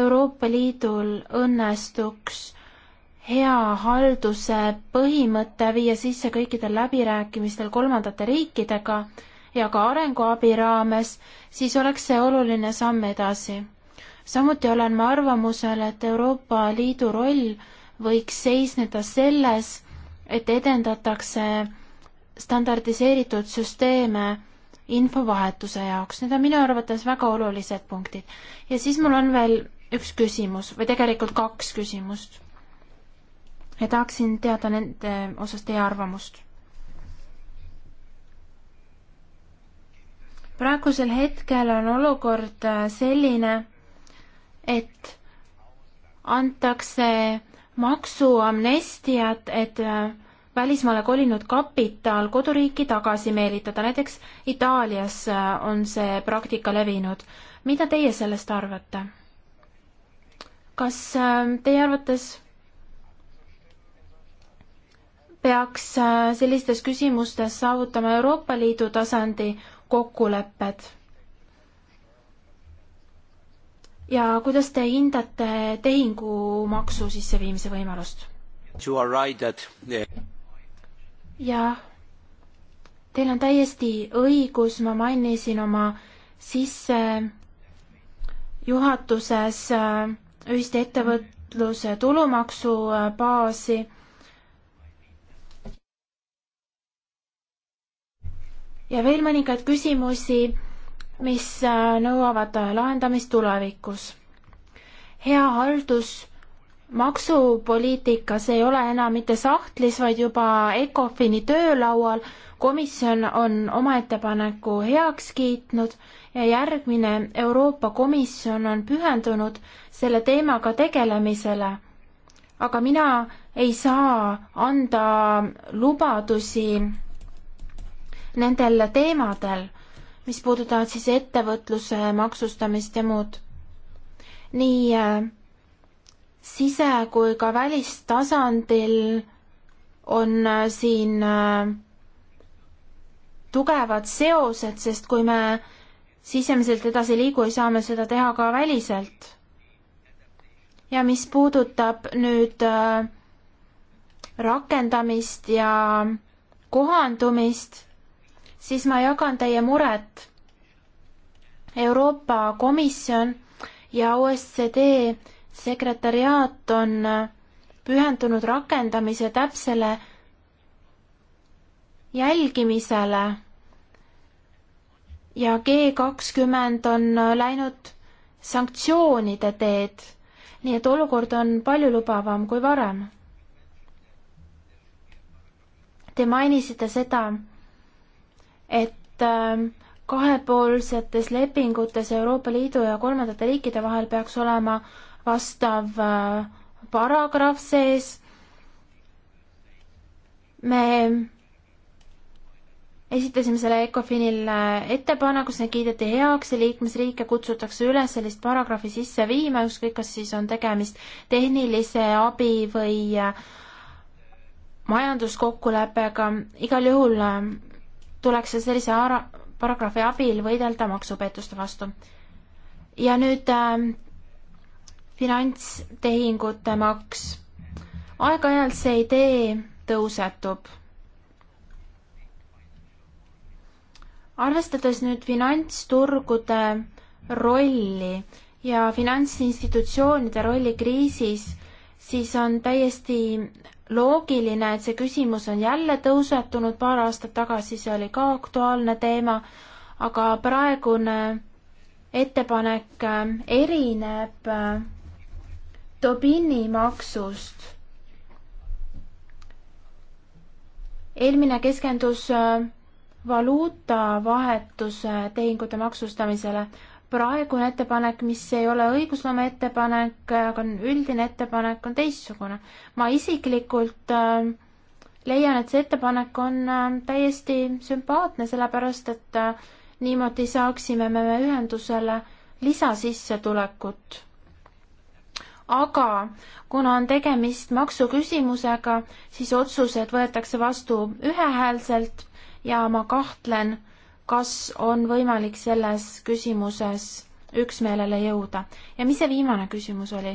Euroopa Liidul õnnestuks hea halduse põhimõte viia sisse kõikidel läbirääkimistel kolmandate riikidega ja ka arenguabi raames, siis oleks see oluline samm edasi samuti olen ma arvamusel, et Euroopa Liidu roll võiks seisneda selles, et edendatakse standardiseeritud süsteeme infovahetuse jaoks, need on minu arvates väga olulised punktid. ja siis mul on veel üks küsimus või tegelikult kaks küsimust. ja tahaksin teada nende osas teie arvamust. praegusel hetkel on olukord äh, selline et antakse maksuamnestiat, et äh, välismaale kolinud kapital koduriiki tagasi meelitada, näiteks Itaalias äh, on see praktika levinud. mida teie sellest arvate? kas äh, teie arvates peaks sellistes küsimustes saavutama Euroopa Liidu tasandi kokkulepped? ja kuidas te hindate tehingumaksu sisseviimise võimalust? Eh, jah, teil on täiesti õigus, ma mainisin oma sissejuhatuses eh, ühiste ettevõtluse tulumaksu eh, baasi ja veel mõningaid küsimusi mis äh, nõuavad äh, lahendamist tulevikus. hea haldus maksupoliitikas ei ole enam mitte sahtlis, vaid juba ECOFIN-i töölaual. komisjon on oma ettepaneku heaks kiitnud ja järgmine Euroopa Komisjon on pühendunud selle teemaga tegelemisele. aga mina ei saa anda lubadusi nendel teemadel mis puudutavad siis ettevõtluse maksustamist ja muud. nii äh, sise- kui ka välistasandil on äh, siin äh, tugevad seosed, sest kui me sisemiselt edasi liigu ei saa, me seda teha ka väliselt. ja mis puudutab nüüd rakendamist ja kohandumist, siis ma jagan teie muret. Euroopa Komisjon ja OSCD sekretariaat on pühendunud rakendamise täpsele jälgimisele ja G kakskümmend on läinud sanktsioonide teed, nii et olukord on paljulubavam kui varem. Te mainisite seda, et ähm, kahepoolsetes lepingutes Euroopa Liidu ja kolmandate riikide vahel peaks olema vastav äh, paragrahv sees. me esitasime selle ECOFINil äh, ettepaneku, see kiideti heaks ja liikmesriike kutsutakse üles sellist paragrahvi sisse viima, ükskõik kas siis on tegemist tehnilise abi või äh, majanduskokkuleppega, igal juhul tuleks sellise ara-, paragrahvi abil võidelda maksupettuste vastu. ja nüüd äh, finantstehingute maks. aeg-ajalt see idee tõusetub. arvestades nüüd finantsturgude rolli ja finantsinstitutsioonide rolli kriisis, siis on täiesti loogiline, et see küsimus on jälle tõusetunud, paar aastat tagasi see oli ka aktuaalne teema, aga praegune ettepanek äh, erineb äh, Tobini maksust. eelmine keskendus äh, valuutavahetuse tehingute maksustamisele, praegune ettepanek, mis ei ole õigusloome ettepanek, aga on üldine ettepanek, on teistsugune. ma isiklikult äh, leian, et see ettepanek on äh, täiesti sümpaatne, sellepärast et äh, niimoodi saaksime me ühendusele lisasissetulekut. aga kuna on tegemist maksuküsimusega, siis otsused võetakse vastu ühehäälselt ja ma kahtlen äh, kas on võimalik selles küsimuses üksmeelele jõuda. ja mis see viimane küsimus oli?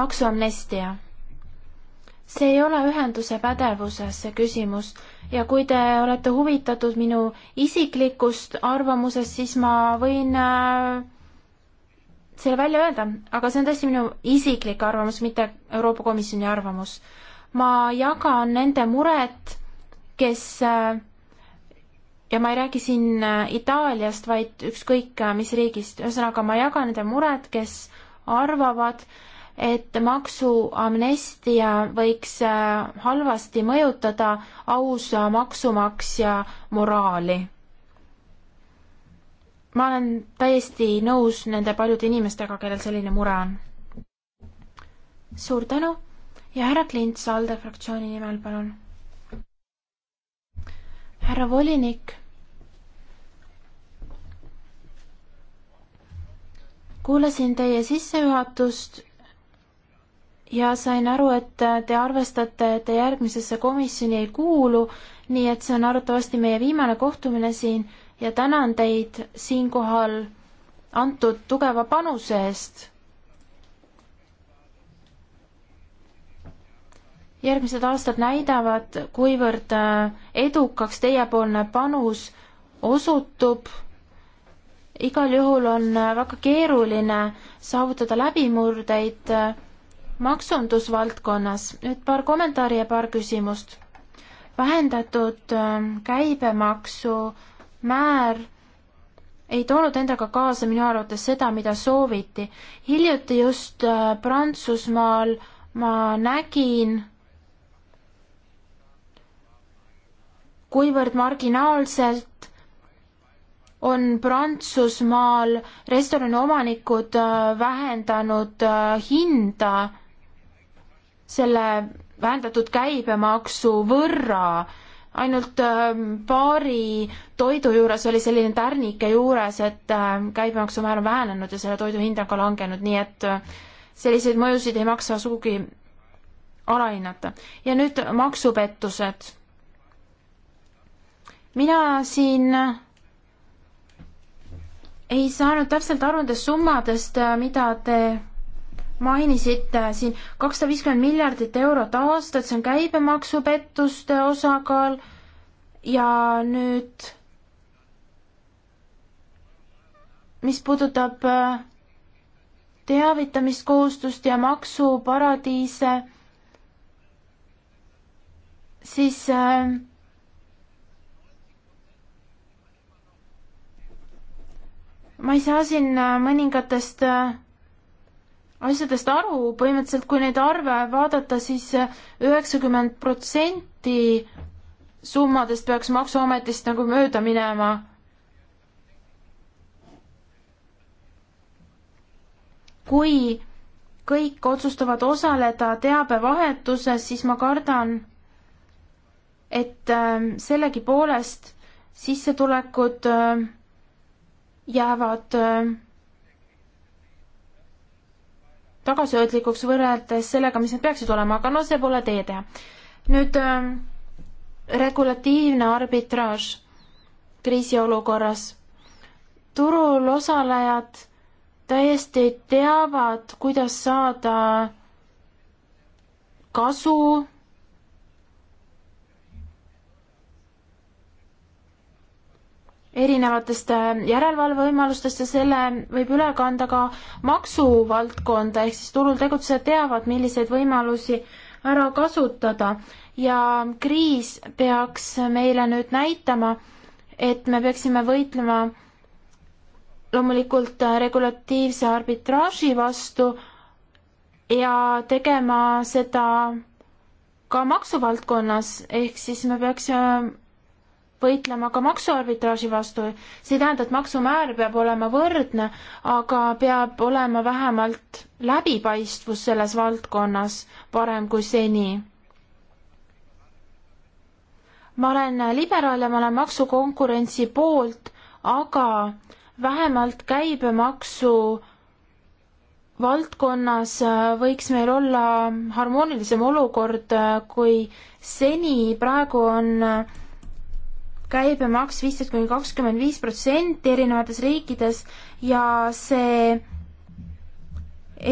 maksuamnestia. see ei ole ühenduse pädevuses, see küsimus, ja kui te olete huvitatud minu isiklikust arvamusest, siis ma võin äh, selle välja öelda, aga see on tõesti minu isiklik arvamus, mitte Euroopa Komisjoni arvamus. ma jagan nende muret kes äh, ja ma ei räägi siin äh, Itaaliast, vaid ükskõik äh, mis riigist, ühesõnaga ma jagan nende mured, kes arvavad, et maksuamnestia võiks halvasti mõjutada ausa maksumaksja moraali. ma olen täiesti nõus nende paljude inimestega, kellel selline mure on. suur tänu ja härra Klint Salde fraktsiooni nimel, palun härra volinik. kuulasin teie sissejuhatust ja sain aru, et te arvestate, et te järgmisesse komisjoni ei kuulu, nii et see on arvatavasti meie viimane kohtumine siin ja tänan teid siinkohal antud tugeva panuse eest järgmised aastad näidavad, kuivõrd äh, edukaks teiepoolne panus osutub. igal juhul on äh, väga keeruline saavutada läbimurdeid äh, maksundusvaldkonnas. nüüd paar kommentaari ja paar küsimust. vähendatud käibemaksu määr ei toonud endaga kaasa minu arvates seda, mida sooviti. hiljuti just Prantsusmaal ma nägin kuivõrd marginaalselt on Prantsusmaal restorani omanikud äh, vähendanud äh, hinda selle vähendatud käibemaksu võrra. ainult ähm, paari toidu juures oli selline tärnike juures, et ähm, käibemaksumäär on vähenenud ja selle toidu hind on ka langenud, nii et äh, selliseid mõjusid ei maksa sugugi alahinnata. ja nüüd maksupettused mina siin ei saanud täpselt aru nendest summadest, äh, mida te mainisite siin, kakssada viiskümmend miljardit eurot aastas, see on käibemaksupettuste osakaal ja nüüd mis puudutab äh, teavitamiskohustust ja maksuparadiise, siis äh, ma ei saa siin äh, mõningatest äh, asjadest aru, põhimõtteliselt kui neid arve vaadata siis, siis äh, üheksakümmend protsenti summadest peaks Maksuametist nagu mööda minema. kui kõik otsustavad osaleda teabevahetuses, siis ma kardan, et sellegipoolest sissetulekud äh, jäävad äh, tagasihoidlikuks võrreldes sellega, mis nad peaksid olema, aga no see pole teie teha. nüüd äh, regulatiivne arbitraaž kriisiolukorras. turul osalejad täiesti teavad, kuidas saada kasu erinevatest äh, järelevalvevõimalustest ja selle võib üle kanda ka maksuvaldkonda, ehk siis turul tegutsejad teavad, milliseid võimalusi ära kasutada ja kriis peaks meile nüüd näitama, et me peaksime võitlema loomulikult äh, regulatiivse arbitraaži vastu ja tegema seda ka maksuvaldkonnas, ehk siis me peaksime äh, võitlema ka maksuarbitraaži vastu. see ei tähenda, et maksumäär peab olema võrdne, aga peab olema vähemalt läbipaistvus selles valdkonnas parem kui seni. ma olen liberaal ja ma olen maksukonkurentsi poolt, aga vähemalt käibemaksu valdkonnas äh, võiks meil olla harmoonilisem olukord, äh, kui seni praegu on äh, käibemaks viisteist kuni kakskümmend viis protsenti erinevates riikides ja see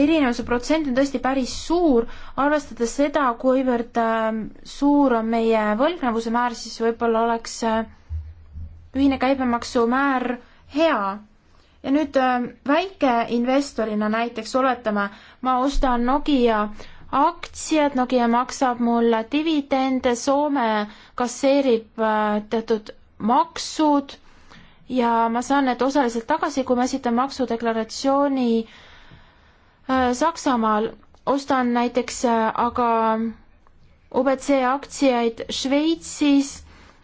erinevuse protsent on tõesti päris suur, arvestades seda, kuivõrd ähm, suur on meie võlgnevuse määr, siis võib-olla oleks äh, ühine käibemaksu määr hea. ja nüüd ähm, väikeinvestorina näiteks oletame, ma ostan Nokia aktsiad, Nokia maksab mulle dividende, Soome kasseerib äh, teatud maksud ja ma saan need osaliselt tagasi, kui ma esitan maksudeklaratsiooni äh, Saksamaal. ostan näiteks äh, aga UBC aktsiaid Šveitsis,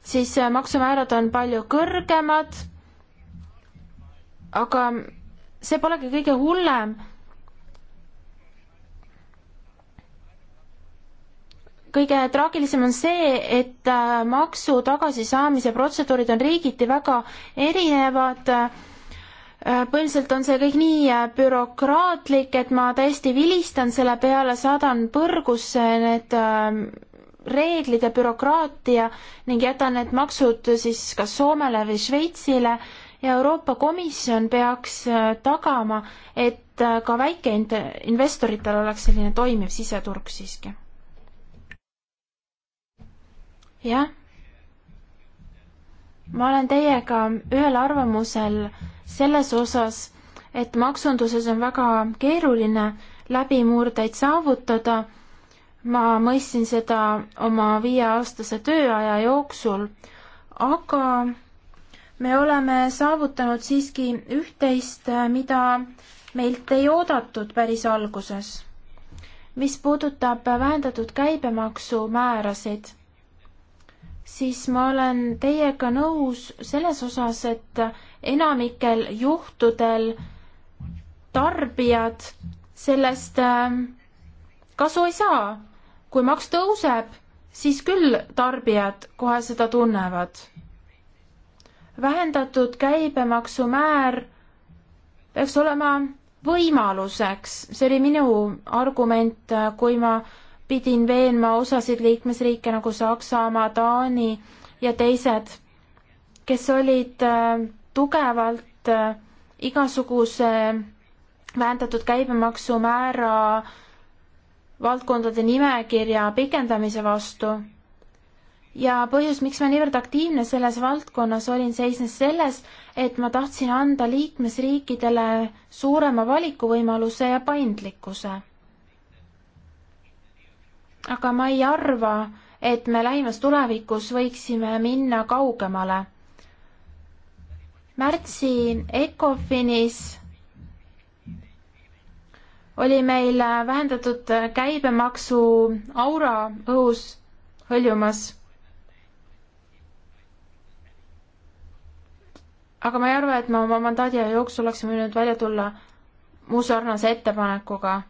siis maksumäärad on palju kõrgemad. aga see polegi kõige hullem kõige traagilisem on see, et äh, maksu tagasisaamise protseduurid on riigiti väga erinevad. Äh, põhiliselt on see kõik nii äh, bürokraatlik, et ma täiesti vilistan selle peale, saadan põrgusse need reeglid ja bürokraatia ning jätan need maksud siis kas Soomele või Šveitsile ja Euroopa Komisjon peaks tagama, et ka väikeinvestoritel oleks selline toimiv siseturg siiski jah. ma olen teiega ühel arvamusel selles osas, et maksunduses on väga keeruline läbimurdeid saavutada. ma mõistsin seda oma viieaastase tööaja jooksul, aga me oleme saavutanud siiski üht-teist, mida meilt ei oodatud päris alguses. mis puudutab vähendatud käibemaksumäärasid, siis ma olen teiega nõus selles osas, et enamikel juhtudel tarbijad sellest ähm, kasu ei saa. kui maks tõuseb, siis küll tarbijad kohe seda tunnevad. vähendatud käibemaksumäär peaks olema võimaluseks, see oli minu argument, äh, kui ma pidin veenma osasid liikmesriike nagu Saksamaa, Taani ja teised, kes olid äh, tugevalt äh, igasuguse vähendatud käibemaksumäära valdkondade nimekirja pikendamise vastu. ja põhjus, miks ma niivõrd aktiivne selles valdkonnas olin, seisnes selles, et ma tahtsin anda liikmesriikidele suurema valikuvõimaluse ja paindlikkuse aga ma ei arva, et me lähimas tulevikus võiksime minna kaugemale. märtsi ECOFINis oli meil vähendatud käibemaksu aura õhus hõljumas. aga ma ei arva, et ma oma mandaadi aja jooksul oleksin võinud välja tulla muu sarnase ettepanekuga.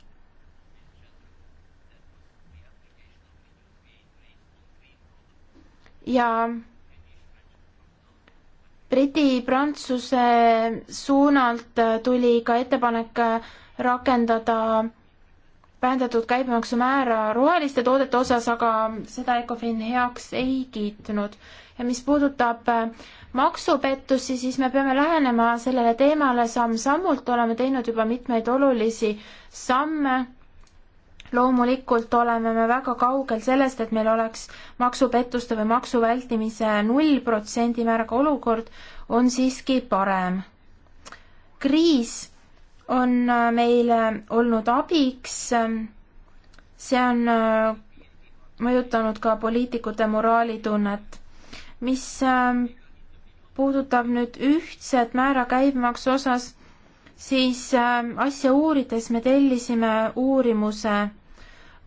ja Briti-Prantsuse suunalt tuli ka ettepanek rakendada vähendatud käibemaksumäära roheliste toodete osas, aga seda Ecofin heaks ei kiitnud. ja mis puudutab äh, maksupettusi, siis me peame lähenema sellele teemale samm-sammult, oleme teinud juba mitmeid olulisi samme loomulikult oleme me väga kaugel sellest, et meil oleks maksupettuste või maksuvältimise null protsendi määraga olukord, on siiski parem. kriis on äh, meile olnud abiks, see on äh, mõjutanud ka poliitikute moraalitunnet. mis äh, puudutab nüüd ühtset määra käibemaksu osas, siis asja uurides me tellisime uurimuse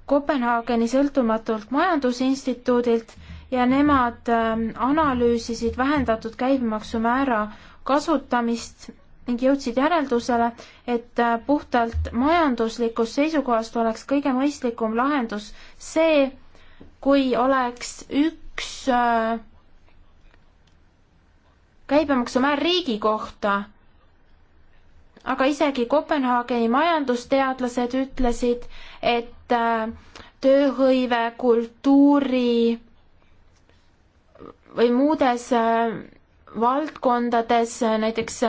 Kopenhaageni sõltumatult majandusinstituudilt ja nemad ähm, analüüsisid vähendatud käibemaksumäära kasutamist ning jõudsid järeldusele, et äh, puhtalt majanduslikust seisukohast oleks kõige mõistlikum lahendus see, kui oleks üks äh, käibemaksumäär riigi kohta. aga isegi Kopenhaageni majandusteadlased ütlesid, et Äh, tööhõive, kultuuri või muudes äh, valdkondades, äh, näiteks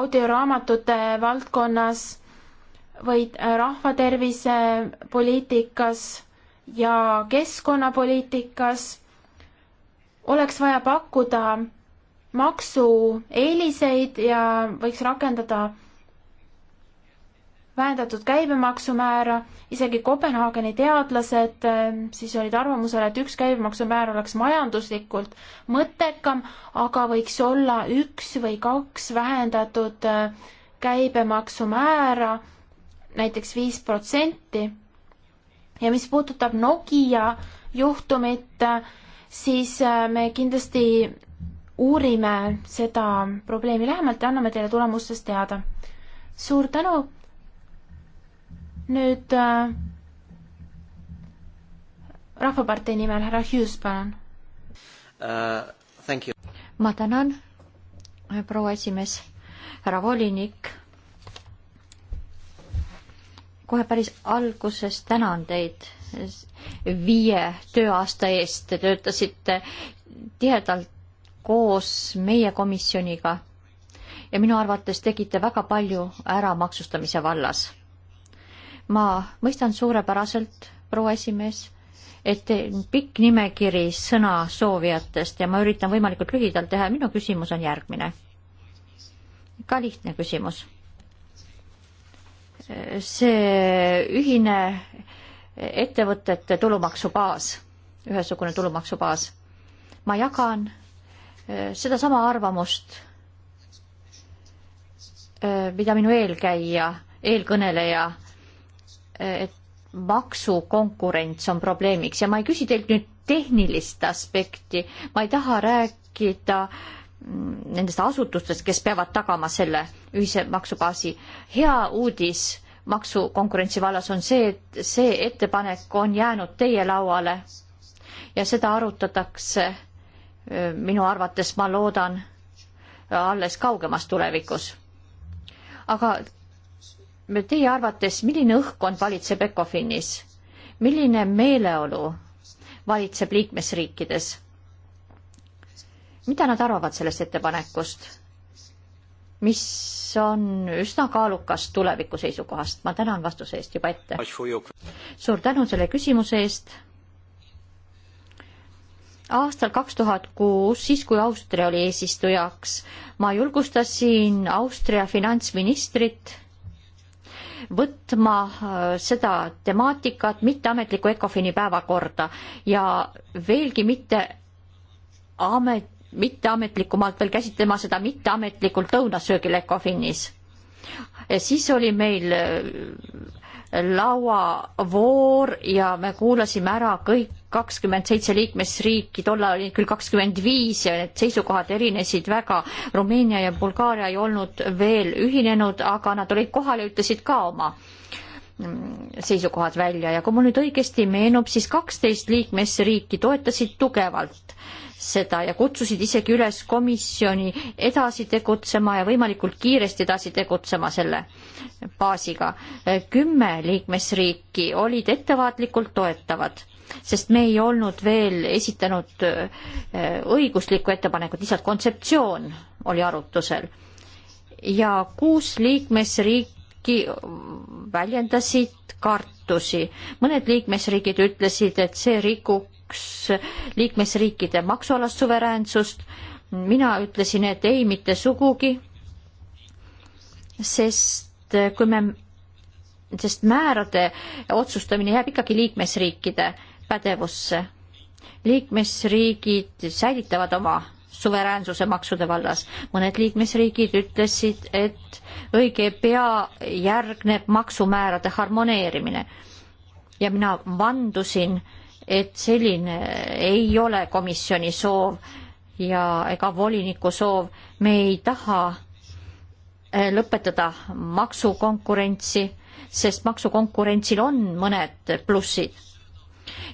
audioraamatute valdkonnas või rahvatervise poliitikas ja keskkonnapoliitikas oleks vaja pakkuda maksueeliseid ja võiks rakendada vähendatud käibemaksumäära, isegi Kopenhaageni teadlased ähm, siis olid arvamusel, et üks käibemaksumäär oleks majanduslikult mõttekam, aga võiks olla üks või kaks vähendatud äh, käibemaksumäära, näiteks viis protsenti. ja mis puudutab Nokia juhtumit, äh, siis äh, me kindlasti uurime seda probleemi lähemalt ja anname teile tulemustest teada. suur tänu nüüd äh, Rahvapartei nimel härra Hughes, palun uh,. ma tänan, proua esimees, härra volinik. kohe päris alguses tänan teid viie tööaasta eest, te töötasite tihedalt koos meie komisjoniga ja minu arvates tegite väga palju ära maksustamise vallas ma mõistan suurepäraselt, proua esimees, et teil on pikk nimekiri sõnasoovijatest ja ma üritan võimalikult lühidalt teha ja minu küsimus on järgmine. ka lihtne küsimus. see ühine ettevõtete tulumaksubaas, ühesugune tulumaksubaas, ma jagan eh, sedasama arvamust, eh, mida minu eelkäija, eelkõneleja et maksukonkurents on probleemiks ja ma ei küsi teilt nüüd tehnilist aspekti, ma ei taha rääkida mm, nendest asutustest, kes peavad tagama selle ühise maksubaasi. hea uudis maksukonkurentsi vallas on see, et see ettepanek on jäänud teie lauale ja seda arutatakse minu arvates, ma loodan, alles kaugemas tulevikus. aga teie arvates, milline õhkkond valitseb ECOFINis? milline meeleolu valitseb liikmesriikides? mida nad arvavad sellest ettepanekust, mis on üsna kaalukas tuleviku seisukohast? ma tänan vastuse eest juba ette. suur tänu selle küsimuse eest. aastal kaks tuhat kuus, siis kui Austria oli eesistujaks, ma julgustasin Austria finantsministrit võtma äh, seda temaatikat mitteametliku ECOFIN-i päevakorda ja veelgi mitte amet, mitteametlikumalt veel käsitlema seda mitteametlikult õunasöögil ECOFIN-is. siis oli meil äh, lauavoor ja me kuulasime ära kõik kakskümmend seitse liikmesriiki, tollal oli küll kakskümmend viis ja need seisukohad erinesid väga. Rumeenia ja Bulgaaria ei olnud veel ühinenud, aga nad olid kohal ja ütlesid ka oma mm, seisukohad välja ja kui mul nüüd õigesti meenub, siis kaksteist liikmesriiki toetasid tugevalt seda ja kutsusid isegi üles komisjoni edasi tegutsema ja võimalikult kiiresti edasi tegutsema selle baasiga. kümme liikmesriiki olid ettevaatlikult toetavad sest me ei olnud veel esitanud äh, õiguslikku ettepanekut, lihtsalt kontseptsioon oli arutusel. ja kuus liikmesriiki väljendasid kartusi. mõned liikmesriigid ütlesid, et see rikuks liikmesriikide maksualast suveräänsust. mina ütlesin, et ei, mitte sugugi, sest äh, kui me sest määrade otsustamine jääb ikkagi liikmesriikide pädevusse. liikmesriigid säilitavad oma suveräänsuse maksude vallas. mõned liikmesriigid ütlesid, et õige pea järgneb maksumäärade harmoneerimine. ja mina vandusin, et selline ei ole komisjoni soov ja ega voliniku soov, me ei taha eh, lõpetada maksukonkurentsi, sest maksukonkurentsil on mõned plussid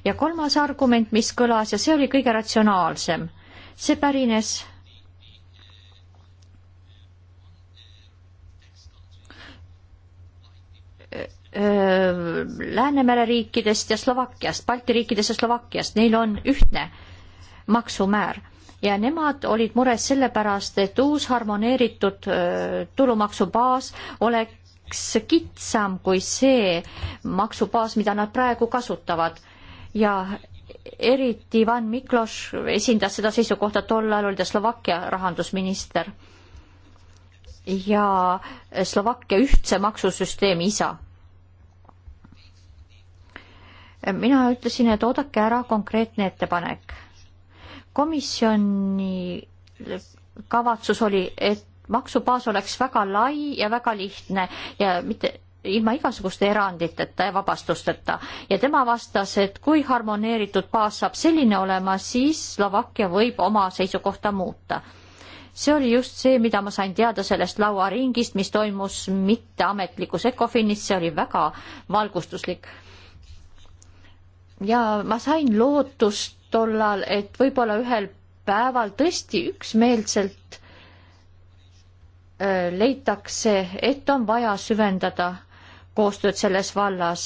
ja kolmas argument, mis kõlas ja see oli kõige ratsionaalsem, see pärines Läänemere riikidest ja Slovakkiast, Balti riikidest ja Slovakkiast, neil on ühtne maksumäär ja nemad olid mures sellepärast, et uus harmoneeritud tulumaksubaas oleks kitsam kui see maksubaas, mida nad praegu kasutavad ja eriti Ivan Miklos esindas seda seisukohta, tol ajal oli ta Slovakkia rahandusminister ja Slovakkia ühtse maksusüsteemi isa. mina ütlesin, et oodake ära konkreetne ettepanek. komisjoni kavatsus oli, et maksubaas oleks väga lai ja väga lihtne ja mitte ilma igasuguste eranditeta ja vabastusteta ja tema vastas, et kui harmoneeritud baas saab selline olema, siis Slovakkia võib oma seisukohta muuta. see oli just see, mida ma sain teada sellest lauaringist, mis toimus mitteametlikus ECOFINis, see oli väga valgustuslik. ja ma sain lootust tollal, et võib-olla ühel päeval tõesti üksmeelselt äh, leitakse, et on vaja süvendada koostööd selles vallas.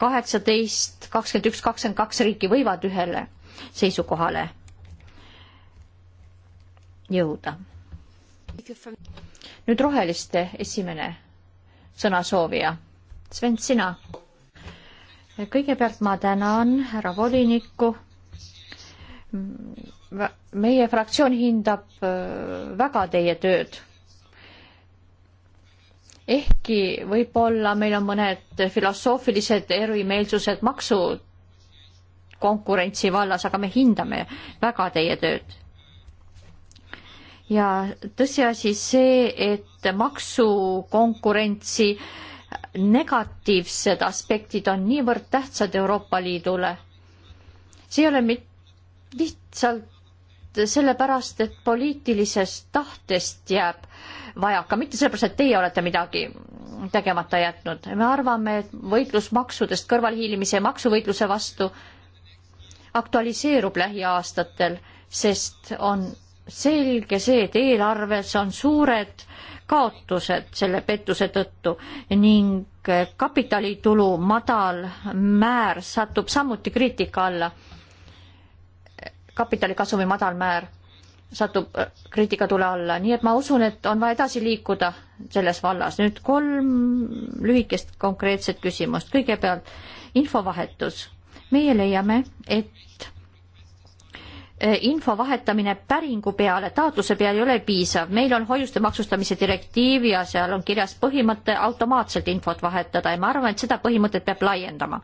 kaheksateist, kakskümmend üks, kakskümmend kaks riiki võivad ühele seisukohale jõuda. nüüd roheliste esimene sõnasoovija. Sven, sina. kõigepealt ma tänan härra volinikku meie fraktsioon hindab äh, väga teie tööd ehkki võib-olla meil on mõned filosoofilised erimeelsused maksukonkurentsi vallas, aga me hindame väga teie tööd. ja tõsiasi see, et maksukonkurentsi negatiivsed aspektid on niivõrd tähtsad Euroopa Liidule. see ei ole mitte lihtsalt sellepärast, et poliitilisest tahtest jääb vajaka, mitte sellepärast, et teie olete midagi tegemata jätnud. me arvame, et võitlus maksudest kõrvalhiilimise ja maksuvõitluse vastu aktualiseerub lähiaastatel, sest on selge see, et eelarves on suured kaotused selle pettuse tõttu ning kapitalitulu madal määr satub samuti kriitika alla kapitalikasumi madal määr satub äh, kriitikatule alla, nii et ma usun, et on vaja edasi liikuda selles vallas. nüüd kolm lühikest konkreetset küsimust. kõigepealt infovahetus. meie leiame, et äh, info vahetamine päringu peale, taotluse peale ei ole piisav. meil on hoiuste maksustamise direktiiv ja seal on kirjas põhimõte automaatselt infot vahetada ja ma arvan, et seda põhimõtet peab laiendama.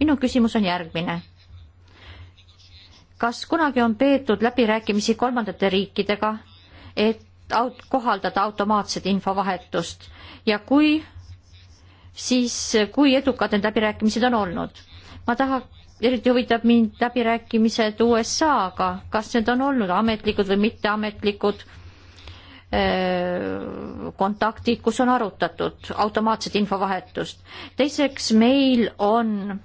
minu küsimus on järgmine kas kunagi on peetud läbirääkimisi kolmandate riikidega, et aut-, kohaldada automaatset infovahetust ja kui, siis kui edukad need läbirääkimised on olnud? ma taha, eriti huvitab mind läbirääkimised USA-ga, kas need on olnud ametlikud või mitteametlikud äh, kontaktid, kus on arutatud automaatset infovahetust. teiseks, meil on äh,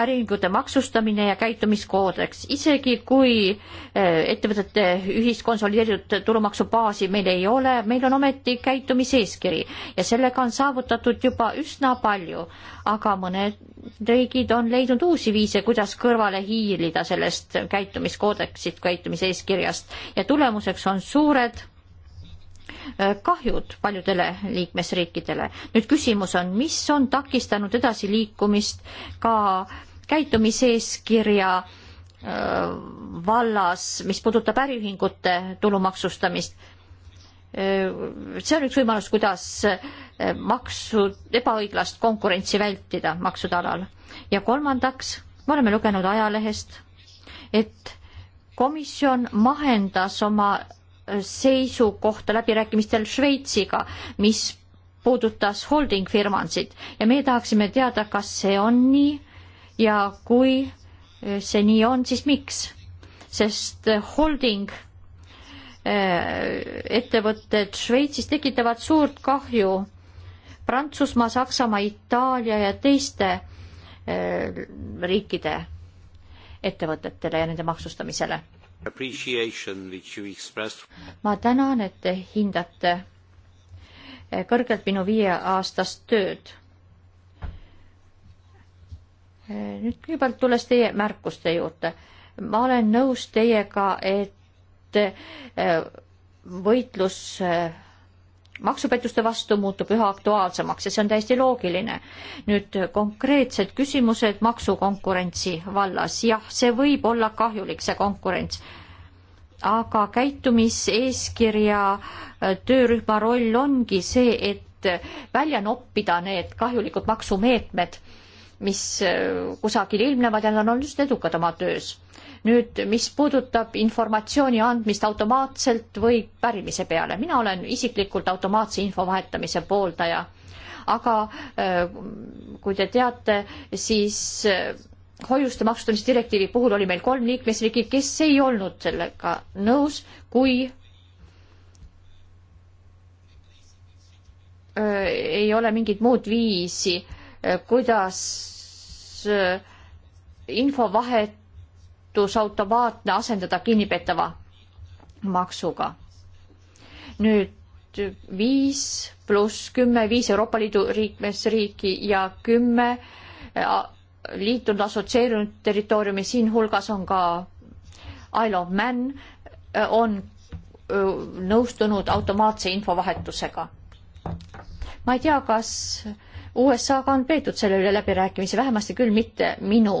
äriühingute maksustamine ja käitumiskoodeks. isegi kui eh, ettevõtete ühiskonsolideeritud tulumaksubaasi meil ei ole, meil on ometi käitumiseeskiri ja sellega on saavutatud juba üsna palju, aga mõned riigid on leidnud uusi viise, kuidas kõrvale hiilida sellest käitumiskoodeksit, käitumiseeskirjast ja tulemuseks on suured Äh, kahjud paljudele liikmesriikidele. nüüd küsimus on, mis on takistanud edasiliikumist ka käitumiseeskirja äh, vallas, mis puudutab äriühingute tulumaksustamist. Äh, see on üks võimalus, kuidas maksu, ebaõiglast konkurentsi vältida maksude alal. ja kolmandaks, me oleme lugenud ajalehest, et komisjon mahendas oma seisukohta läbirääkimistel Šveitsiga, mis puudutas holdingfirmasid ja meie tahaksime teada, kas see on nii ja kui see nii on, siis miks? sest holding eh, ettevõtted Šveitsis tekitavad suurt kahju Prantsusmaa, Saksamaa, Itaalia ja teiste eh, riikide ettevõtetele ja nende maksustamisele ma tänan, et te hindate kõrgelt minu viieaastast tööd. nüüd kõigepealt tulles teie märkuste juurde. ma olen nõus teiega, et võitlus maksupettuste vastu muutub üha aktuaalsemaks ja see on täiesti loogiline. nüüd konkreetsed küsimused maksukonkurentsi vallas, jah, see võib olla kahjulik, see konkurents, aga käitumiseeskirja äh, töörühma roll ongi see, et välja noppida need kahjulikud maksumeetmed mis äh, kusagil ilmnevad ja nad on just edukad oma töös. nüüd, mis puudutab informatsiooni andmist automaatselt või pärimise peale, mina olen isiklikult automaatse info vahetamise pooldaja, aga äh, kui te teate, siis äh, hoiuste maksustamise direktiivi puhul oli meil kolm liikmesriiki, kes ei olnud sellega nõus, kui öö, ei ole mingit muud viisi Eh, kuidas eh, infovahetus automaatne asendada kinnipeetava maksuga. nüüd viis pluss kümme, viis Euroopa Liidu liikmesriiki ja kümme eh, liitunud assotsieerunud territooriumi, siin hulgas on ka Isle of Man, on nõustunud automaatse infovahetusega. ma ei tea, kas USA-ga on peetud selle üle läbirääkimisi, vähemasti küll mitte minu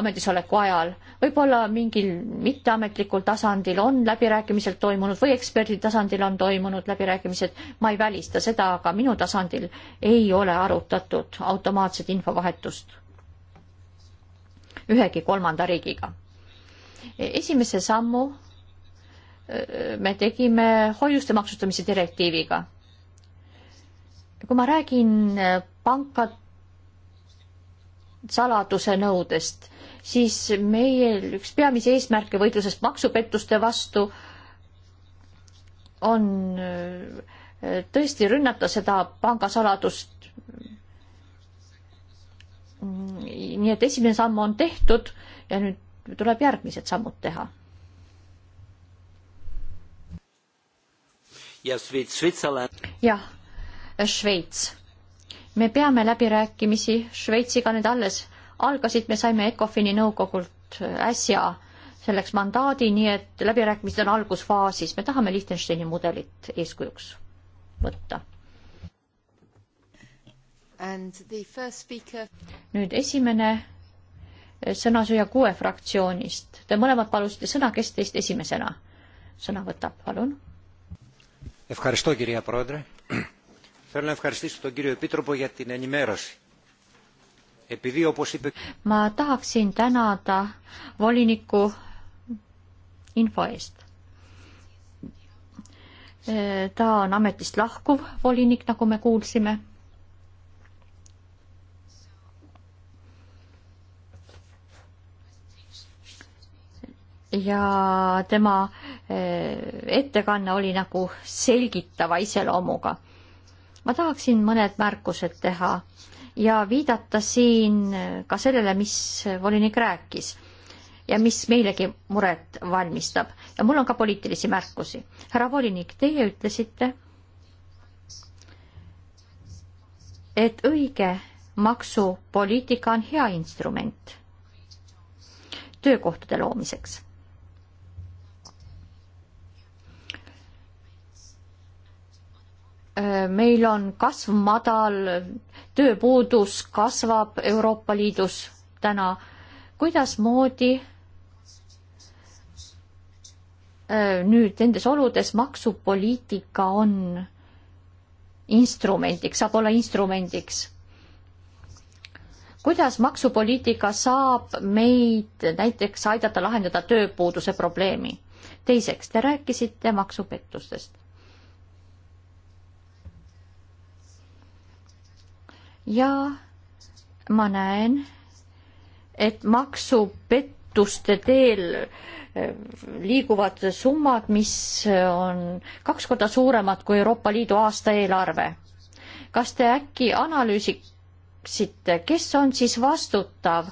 ametisoleku ajal. võib-olla mingil mitteametlikul tasandil on läbirääkimised toimunud või eksperdi tasandil on toimunud läbirääkimised, ma ei välista seda, aga minu tasandil ei ole arutatud automaatset infovahetust ühegi kolmanda riigiga. esimese sammu äh, me tegime hoiuste maksustamise direktiiviga kui ma räägin äh, panka saladuse nõudest, siis meil üks peamisi eesmärke võitluses maksupettuste vastu on äh, tõesti rünnata seda pangasaladust. nii et esimene samm on tehtud ja nüüd tuleb järgmised sammud teha. jah, Šveits. me peame läbirääkimisi Šveitsiga nüüd alles, algasid, me saime ECOFIN-i nõukogult äsja selleks mandaadi, nii et läbirääkimised on algusfaasis, me tahame Liechtensteini mudelit eeskujuks võtta. Speaker... nüüd esimene sõnasööja kuue fraktsioonist. Te mõlemad palusite sõna, kes teist esimesena sõna võtab, palun? Θέλω να ευχαριστήσω τον κύριο Επίτροπο για την ενημέρωση. Επειδή όπως είπε... Ma tahaksin tänada volinikku info eest. E, ta on ametist lahkuv volinik, nagu me kuulsime. ja tema e, ettekanne oli nagu selgitava iseloomuga ma tahaksin mõned märkused teha ja viidata siin ka sellele, mis volinik rääkis ja mis meilegi muret valmistab ja mul on ka poliitilisi märkusi. härra volinik, teie ütlesite, et õige maksupoliitika on hea instrument töökohtade loomiseks Äh, meil on kasv madal, tööpuudus kasvab Euroopa Liidus täna. kuidasmoodi äh, nüüd nendes oludes maksupoliitika on instrumendiks, saab olla instrumendiks? kuidas maksupoliitika saab meid näiteks aidata lahendada tööpuuduse probleemi? teiseks, te rääkisite maksupettustest ja ma näen, et maksupettuste teel eh, liiguvad summad, mis on kaks korda suuremad kui Euroopa Liidu aastaeelarve. kas te äkki analüüsiksite, kes on siis vastutav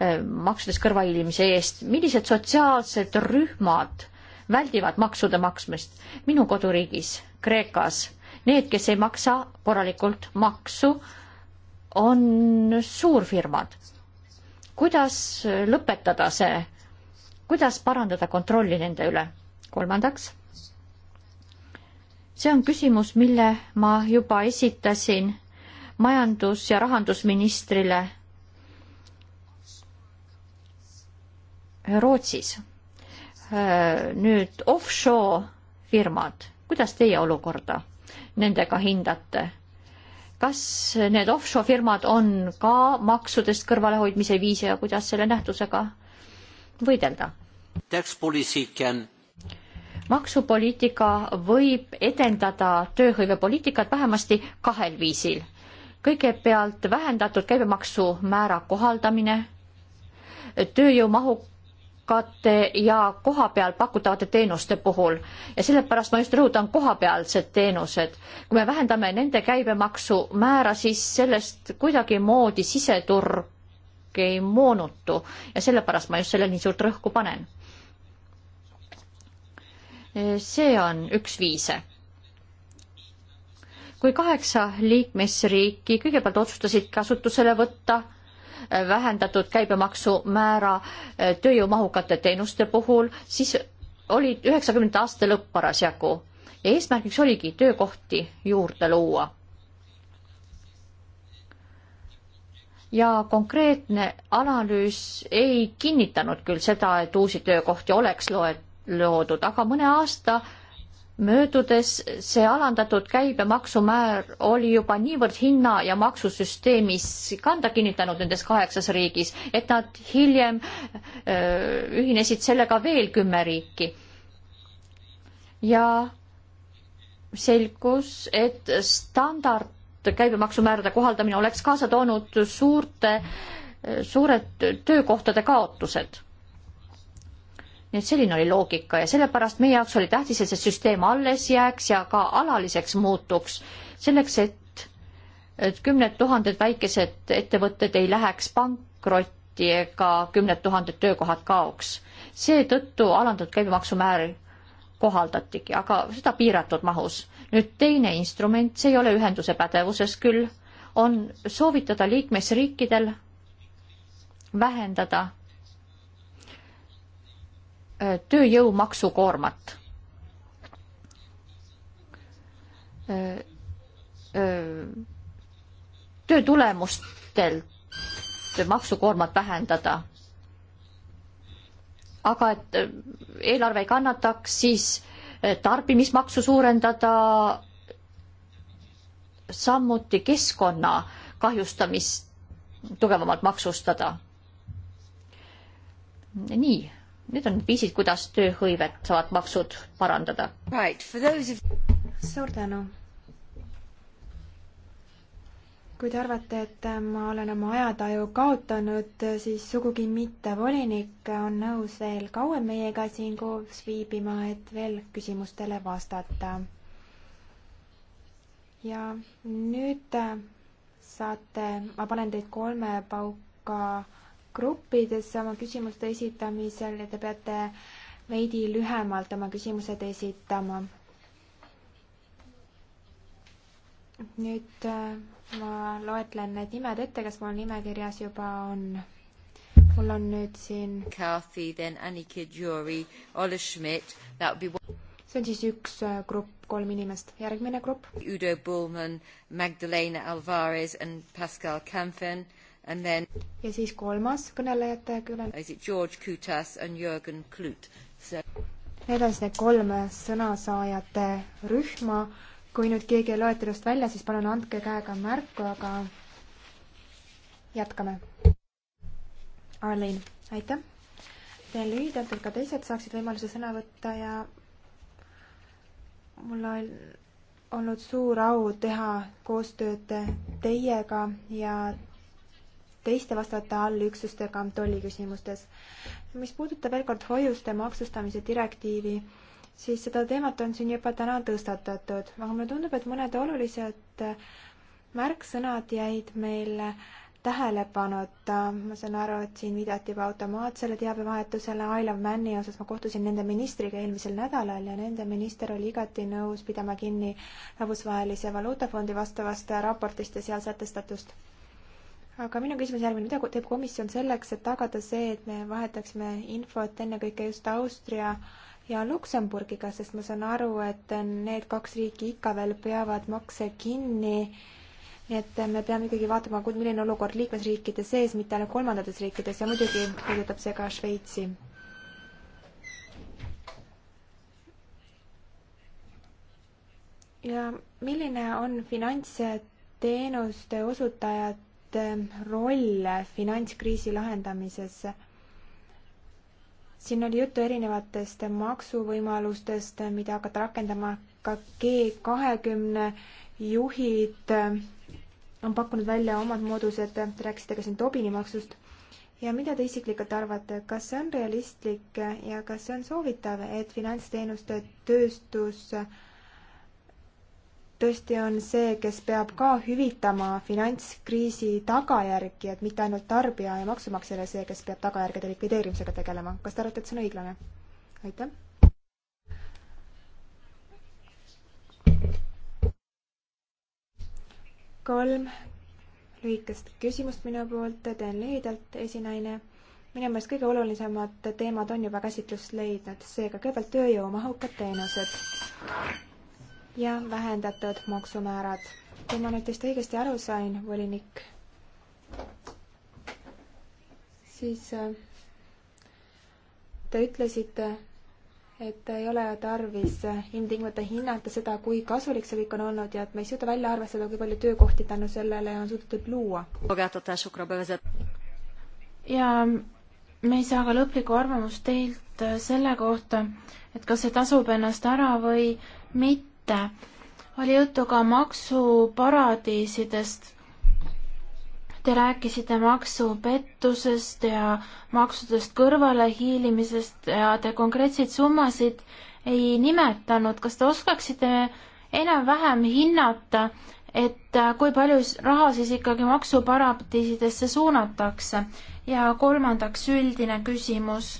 eh, maksudest kõrvahiilimise eest, millised sotsiaalsed rühmad väldivad maksude maksmist minu koduriigis, Kreekas, need, kes ei maksa korralikult maksu, on suurfirmad. kuidas lõpetada see, kuidas parandada kontrolli nende üle? kolmandaks, see on küsimus, mille ma juba esitasin majandus- ja rahandusministrile Rootsis. Äh, nüüd offshore firmad, kuidas teie olukorda nendega hindate? kas need offshore firmad on ka maksudest kõrvalehoidmise viis ja kuidas selle nähtusega võidelda? maksupoliitika võib edendada tööhõivepoliitikat vähemasti kahel viisil. kõigepealt vähendatud käibemaksumäära kohaldamine tööjõumahu katte ja kohapeal pakutavate teenuste puhul ja sellepärast ma just rõhutan kohapealsed teenused. kui me vähendame nende käibemaksu määra, siis sellest kuidagimoodi siseturg ei moonutu ja sellepärast ma just selle nii suurt rõhku panen. see on üks viise. kui kaheksa liikmesriiki kõigepealt otsustasid kasutusele võtta vähendatud käibemaksumäära eh, tööjõumahukate teenuste puhul, siis oli üheksakümnenda aasta lõpp parasjagu ja eesmärgiks oligi töökohti juurde luua. ja konkreetne analüüs ei kinnitanud küll seda, et uusi töökohti oleks loed, loodud, aga mõne aasta äh, möödudes see alandatud käibemaksumäär oli juba niivõrd hinna- ja maksusüsteemis kanda kinnitanud nendes kaheksas riigis, et nad hiljem öö, ühinesid sellega veel kümme riiki. ja selgus, et standard käibemaksumäärade kohaldamine oleks kaasa toonud suurte, suured töökohtade kaotused nii et selline oli loogika ja sellepärast meie jaoks oli tähtis, et see süsteem alles jääks ja ka alaliseks muutuks, selleks et, et kümned tuhanded väikesed ettevõtted ei läheks pankrotti ega kümned tuhanded töökohad kaoks. seetõttu alandatud käibemaksumäär kohaldatigi, aga seda piiratud mahus. nüüd teine instrument, see ei ole ühenduse pädevuses küll, on soovitada liikmesriikidel vähendada tööjõu maksukoormat. töö tulemustelt maksukoormat vähendada. aga et eelarve ei kannataks, siis tarbimismaksu suurendada, samuti keskkonna kahjustamist tugevamalt maksustada. nii need on viisid, kuidas tööhõivet saavad maksud parandada right,. Of... suur tänu. kui te arvate, et ma olen oma ajataju kaotanud, siis sugugi mitte. volinik on nõus veel kauem meiega siin koos viibima, et veel küsimustele vastata. ja nüüd saate, ma panen teid kolme pauka gruppides oma küsimuste esitamisel ja te peate veidi lühemalt oma küsimused esitama. nüüd äh, ma loetlen need nimed ette, kes mul nimekirjas juba on. mul on nüüd siin Kathy, then Annika Jury, Olle Schmidt, that would be one see on siis üks äh, grupp, kolm inimest. järgmine grupp. Udo Bullmann, Magdalena Alvarez and Pascal Canfin uh, And then ja siis kolmas kõnelejate külen-. Is it George Kutas and Jürgen Klut so...? Need on siis need kolm sõnasaajate rühma. kui nüüd keegi ei loetelust välja, siis palun andke käega märku, aga jätkame. Arlen, aitäh! teen lühidalt, et ka teised saaksid võimaluse sõna võtta ja mul on olnud suur au teha koostööd teiega ja teiste vastavate allüksustega tolliküsimustes. mis puudutab veel kord hoiuste maksustamise direktiivi, siis seda teemat on siin juba täna tõstatatud, aga mulle tundub, et mõned olulised äh, märksõnad jäid meil tähelepanuta, ma saan aru, et siin viidati juba automaatsele teabevahetusele, I love man'i osas ma kohtusin nende ministriga eelmisel nädalal ja nende minister oli igati nõus pidama kinni Rahvusvahelise Valuutafondi vastavast raportist ja seal sätestatust aga minu küsimus järgmine, mida teeb komisjon selleks, et tagada see, et me vahetaksime infot ennekõike just Austria ja Luksemburgiga, sest ma saan aru, et need kaks riiki ikka veel peavad makse kinni. nii et me peame ikkagi vaatama, milline on olukord liikmesriikide sees, mitte ainult kolmandates riikides ja muidugi puudutab see ka Šveitsi. ja milline on finantsteenuste osutajate Eh, roll finantskriisi lahendamises. siin oli juttu erinevatest maksuvõimalustest, mida hakata rakendama ka G kahekümne juhid eh, on pakkunud välja omad moodused, te rääkisite ka siin Tobini maksust. ja mida te isiklikult arvate, kas see on realistlik ja kas see on soovitav, et finantsteenuste tööstus äh, tõesti on see, kes peab ka hüvitama finantskriisi tagajärgi, et mitte ainult tarbija ja maksumaksja ei ole see, kes peab tagajärgede likvideerimisega tegelema. kas te arvate, et see on õiglane? aitäh. kolm lühikest küsimust minu poolt, teen lühidalt, esinaine. minu meelest kõige olulisemad teemad on juba käsitlust leidnud, seega kõigepealt tööjõumahukad teenused ja vähendatud maksumäärad. kui ma nüüd teist õigesti aru sain, volinik, siis äh, te ütlesite, et ei ole tarvis ilmtingimata hinnata seda, kui kasulik see kõik on olnud ja et me ei suuda välja arvestada, kui palju töökohti tänu sellele on suudetud luua. ja me ei saa ka lõplikku arvamust teilt selle kohta, et kas see tasub ennast ära või mitte kätte. oli juttu ka maksuparadiisidest. Te rääkisite maksupettusest ja maksudest kõrvalehiilimisest ja te konkreetseid summasid ei nimetanud. kas te oskaksite enam-vähem hinnata, et kui palju raha siis ikkagi maksuparadiisidesse suunatakse? ja kolmandaks üldine küsimus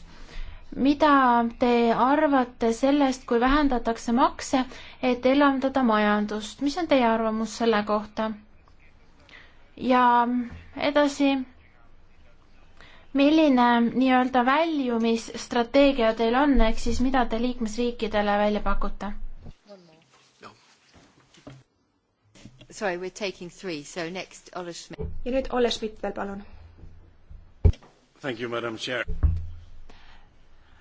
mida te arvate sellest, kui vähendatakse makse, et elavdada majandust, mis on teie arvamus selle kohta? ja edasi, milline nii-öelda väljumisstrateegia teil on, ehk siis mida te liikmesriikidele välja pakute? Sorry, we are taking three, so next Olle Schmidt. ja nüüd Olle Schmidt veel, palun. Thank you, madam chair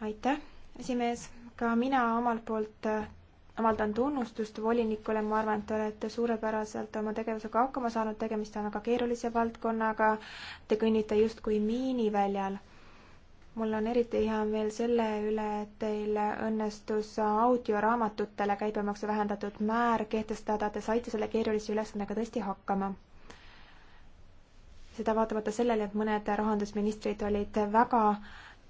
aitäh, esimees, ka mina omalt poolt äh, avaldan tunnustust volinikule, ma arvan, et te olete suurepäraselt oma tegevusega hakkama saanud, tegemist on väga keerulise valdkonnaga, te kõnnite justkui miiniväljal. mul on eriti hea meel selle üle, et teil õnnestus audioraamatutele käibemaksu vähendatud määr kehtestada, te saite selle keerulise ülesandega tõesti hakkama. seda vaatamata sellele, et mõned rahandusministrid olid väga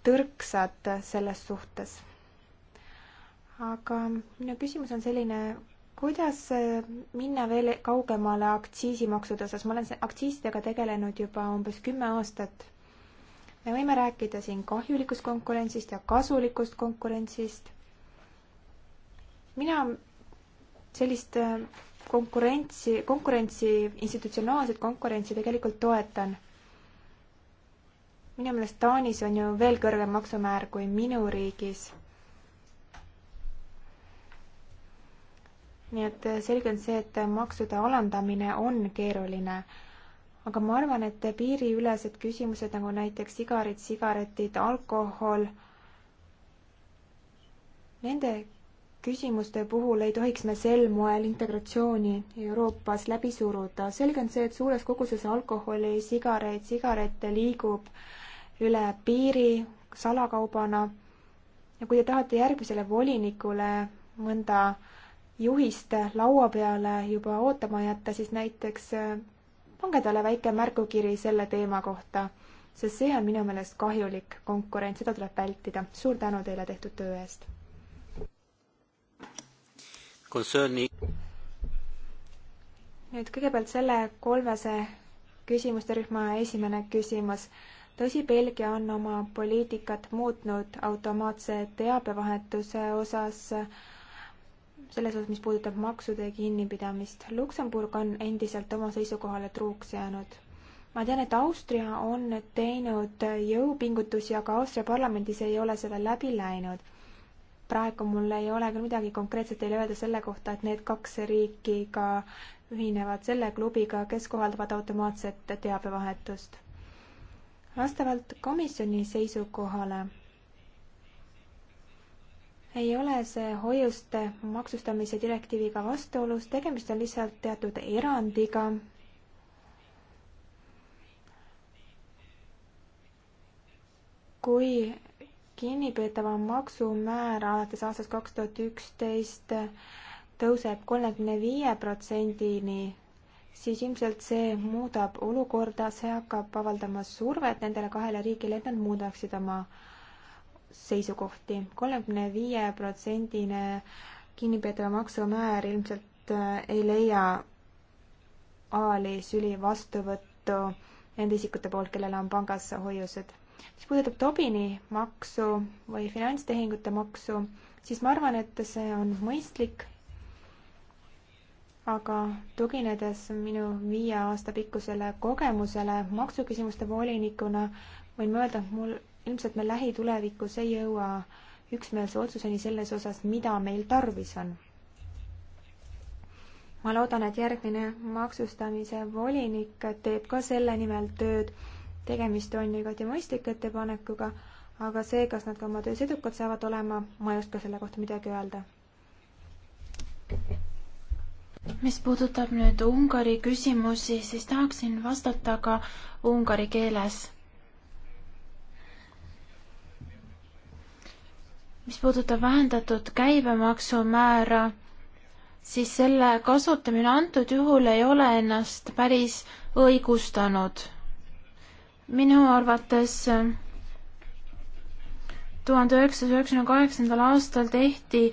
tõrksad selles suhtes. aga minu küsimus on selline, kuidas minna veel kaugemale aktsiisimaksude osas, ma olen aktsiisidega tegelenud juba umbes kümme aastat. me võime rääkida siin kahjulikust konkurentsist ja kasulikust konkurentsist. mina sellist äh, konkurentsi, konkurentsi, institutsionaalset konkurentsi tegelikult toetan minu meelest Taanis on ju veel kõrgem maksumäär kui minu riigis. nii et selge on see, et maksude alandamine on keeruline. aga ma arvan, et piiriülesed küsimused nagu näiteks sigarid, sigaretid, alkohol, nende küsimuste puhul ei tohiks me sel moel integratsiooni Euroopas läbi suruda. selge on see, et suures koguses alkoholi, sigareid, sigarette liigub äh, üle piiri salakaubana. ja kui te tahate järgmisele volinikule mõnda juhist laua peale juba ootama jätta, siis näiteks äh, pange talle väike märgukiri selle teema kohta, sest see on minu meelest kahjulik konkurent, seda tuleb vältida. suur tänu teile tehtud töö eest. Concerning nüüd kõigepealt selle kolmese küsimuste rühma esimene küsimus tõsi, Belgia on oma poliitikat muutnud automaatse teabevahetuse osas, selles osas, mis puudutab maksude kinnipidamist. Luksemburg on endiselt oma seisukohale truuks jäänud. ma tean, et Austria on teinud jõupingutusi, aga Austria parlamendis ei ole see veel läbi läinud praegu mul ei ole küll midagi konkreetset teile öelda selle kohta, et need kaks riiki ka ühinevad selle klubiga, kes kohaldavad automaatset teabevahetust vastavalt komisjoni seisukohale ei ole see hoiuste maksustamise direktiiviga vastuolus, tegemist on lihtsalt teatud erandiga. kui kinnipeetava maksumäär alates aastast kaks tuhat üksteist tõuseb kolmekümne viie protsendini siis ilmselt see muudab olukorda, see hakkab avaldama survet nendele kahele riigile, et nad muudaksid oma seisukohti. kolmekümne viie protsendine kinnipeetava maksumäär ilmselt äh, ei leia aali süli vastuvõttu nende isikute poolt, kellel on pangas hoiused. mis puudutab Tobini maksu või finantstehingute maksu, siis ma arvan, et see on mõistlik aga tuginedes minu viie aasta pikkusele kogemusele maksuküsimuste volinikuna, võin ma öelda, et mul ilmselt me lähitulevikus ei jõua üksmeelse otsuseni selles osas, mida meil tarvis on. ma loodan, et järgmine maksustamise volinik teeb ka selle nimel tööd. tegemist on igati mõistliku ettepanekuga, aga see, kas nad ka oma töös edukad saavad olema, ma ei oska selle kohta midagi öelda mis puudutab nüüd Ungari küsimusi, siis tahaksin vastata ka ungari keeles. mis puudutab vähendatud käibemaksumäära, siis selle kasutamine antud juhul ei ole ennast päris õigustanud. minu arvates tuhande üheksasaja üheksakümne kaheksandal aastal tehti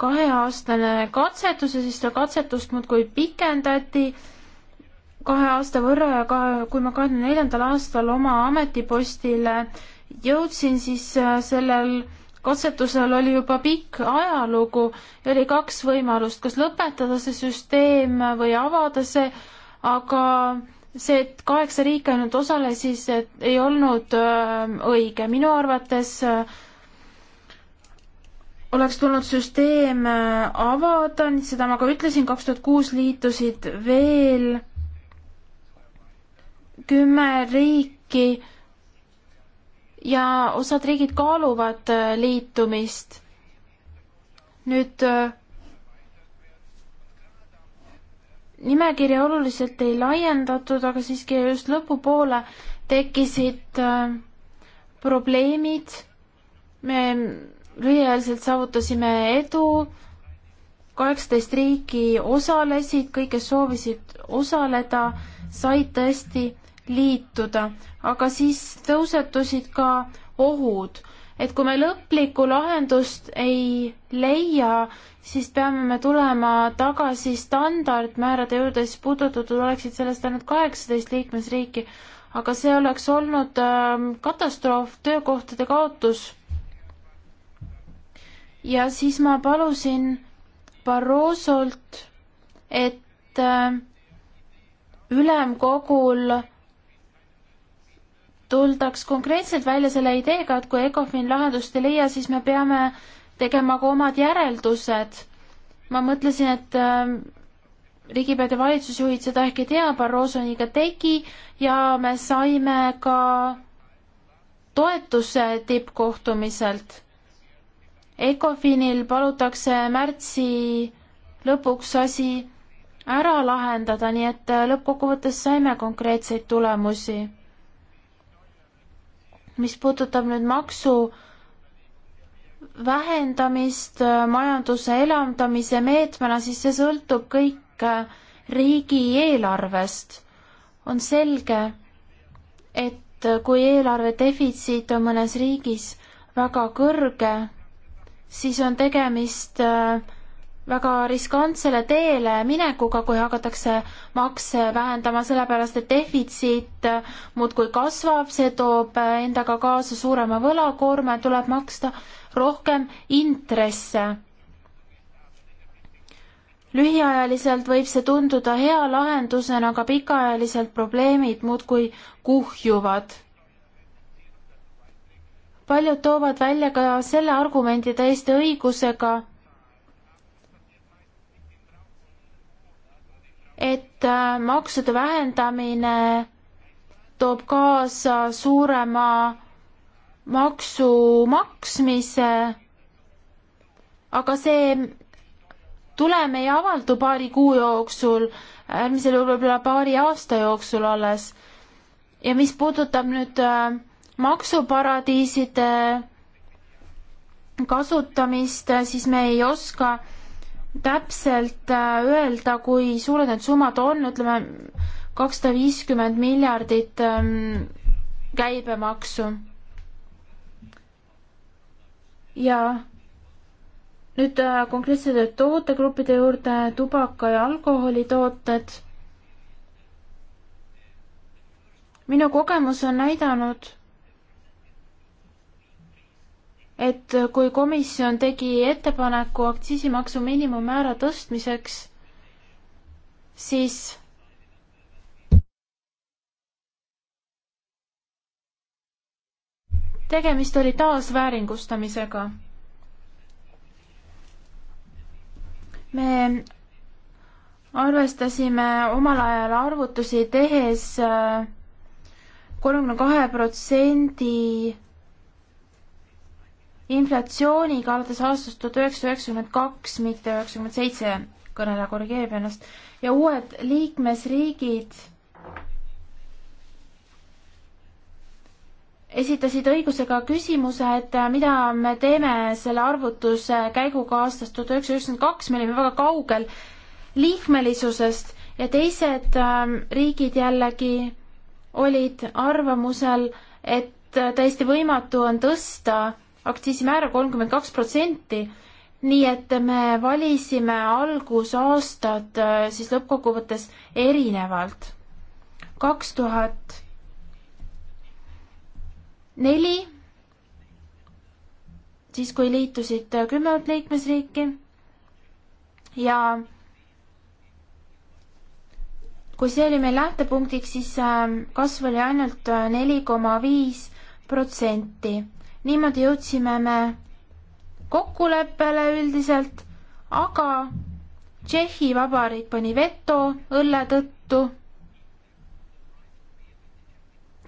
kaheaastane katsetus ja siis seda katsetust muudkui pikendati kahe aasta võrra ja ka kui ma kahekümne neljandal aastal oma ametipostile jõudsin, siis äh, sellel katsetusel oli juba pikk ajalugu ja oli kaks võimalust, kas lõpetada see süsteem või avada see, aga see, et kaheksa riiki ainult osalesid, ei olnud äh, õige. minu arvates äh, oleks tulnud süsteem äh, avada, seda ma ka ütlesin, kaks tuhat kuus liitusid veel kümme riiki ja osad riigid kaaluvad äh, liitumist. nüüd äh, nimekirja oluliselt ei laiendatud, aga siiski just lõpupoole tekkisid probleemid. me lühiajaliselt saavutasime edu, kaheksateist riiki osalesid, kõik, kes soovisid osaleda, said tõesti liituda, aga siis tõusetusid ka ohud, et kui me lõplikku lahendust ei leia, siis peame me tulema tagasi standardmäärade juurde, siis puudutatud oleksid sellest ainult kaheksateist liikmesriiki, aga see oleks olnud äh, katastroof, töökohtade kaotus ja siis ma palusin Barrosolt, et äh, ülemkogul tuldaks konkreetselt välja selle ideega, et kui ECOFIN lahendust ei leia, siis me peame tegema ka omad järeldused. ma mõtlesin, et äh, riigipead ja valitsusjuhid seda ehk ei tea, Barroso nii ka tegi ja me saime ka toetuse tippkohtumiselt. Ecofinil palutakse märtsi lõpuks asi ära lahendada, nii et äh, lõppkokkuvõttes saime konkreetseid tulemusi. mis puudutab nüüd maksu vähendamist äh, majanduse elavdamise meetmena, siis see sõltub kõik äh, riigieelarvest. on selge, et kui eelarve defitsiit on mõnes riigis väga kõrge, siis on tegemist äh, väga riskantsele teele minekuga, kui hakatakse makse vähendama, sellepärast et defitsiit äh, muudkui kasvab, see toob äh, endaga kaasa suurema võlakoorma, tuleb maksta rohkem intresse lühiajaliselt võib see tunduda hea lahendusena, aga pikaajaliselt probleemid muudkui kuhjuvad paljud toovad välja ka selle argumendi täiesti õigusega, et äh, maksude vähendamine toob kaasa suurema maksu maksmise, aga see tulem ei avaldu paari kuu jooksul, äärmisel juhul võib-olla paari aasta jooksul alles. ja mis puudutab nüüd äh, maksuparadiiside kasutamist, siis me ei oska täpselt äh, öelda, kui suured need summad on, ütleme kakssada viiskümmend miljardit ähm, käibemaksu. ja nüüd äh, konkreetsete tootegruppide juurde tubaka ja alkoholitooted. minu kogemus on näidanud et kui komisjon tegi ettepaneku aktsiisimaksu miinimummäära tõstmiseks, siis tegemist oli taas väärindustamisega. me arvestasime omal ajal arvutusi tehes äh, kolmekümne kahe protsendi inflatsiooniga alates aastast tuhat üheksasada üheksakümmend kaks, mitte üheksakümmend seitse, kõneleja korrigeerib ennast, ja uued liikmesriigid esitasid õigusega küsimuse, et mida me teeme selle arvutuse käiguga aastast tuhat üheksasada üheksakümmend kaks, me olime väga kaugel liikmelisusest ja teised ähm, riigid jällegi olid arvamusel, et täiesti võimatu on tõsta aktsiisimäära kolmkümmend kaks protsenti, nii et me valisime algusaastad äh, siis lõppkokkuvõttes erinevalt. kaks tuhat neli, siis kui liitusid äh, kümme uut liikmesriiki ja kui see oli meil lähtepunktiks, siis äh, kasv oli ainult neli koma viis protsenti niimoodi jõudsime me kokkuleppele üldiselt, aga Tšehhi Vabariik pani veto õlle tõttu.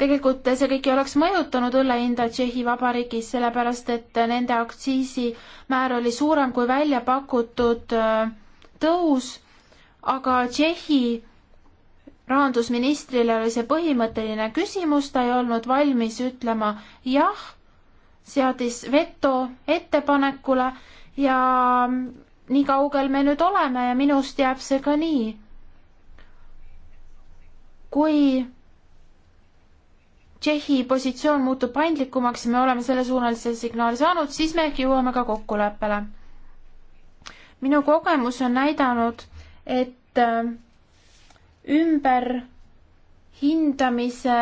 tegelikult see kõik ei oleks mõjutanud õlle hinda Tšehhi Vabariigis, sellepärast et nende aktsiisimäär oli suurem kui välja pakutud äh, tõus, aga Tšehhi rahandusministrile oli see põhimõtteline küsimus, ta ei olnud valmis ütlema jah seadis veto ettepanekule ja nii kaugel me nüüd oleme ja minust jääb see ka nii. kui Tšehhi positsioon muutub paindlikumaks ja me oleme sellesuunalise signaali saanud, siis me äkki jõuame ka kokkuleppele. minu kogemus on näidanud, et äh, ümberhindamise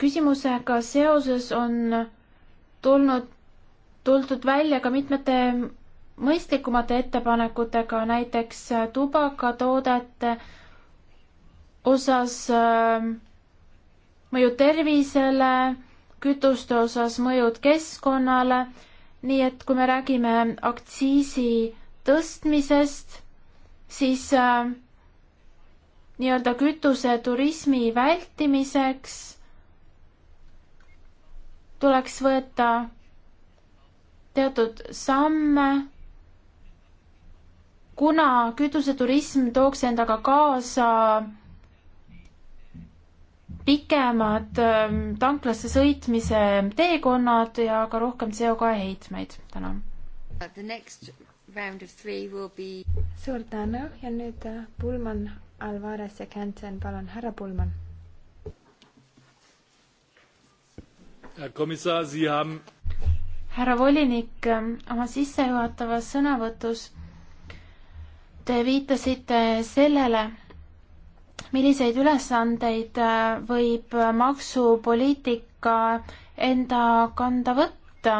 küsimusega seoses on tulnud, tuldud välja ka mitmete mõistlikumate ettepanekutega, näiteks tubakatoodete osas ähm, mõju tervisele, kütuste osas mõjud keskkonnale, nii et kui me räägime aktsiisi tõstmisest, siis äh, nii-öelda kütuseturismi vältimiseks tuleks võtta teatud samme, kuna kütuseturism tooks endaga kaasa pikemad ähm, tanklasse sõitmise teekonnad ja ka rohkem CO2 heitmeid. tänan. Uh, be... suur tänu ja nüüd äh, Pulman, Alvarez ja Kensen, palun, härra Pulman härra volinik, oma sissejuhatavas sõnavõtus te viitasite sellele, milliseid ülesandeid äh, võib maksupoliitika enda kanda võtta.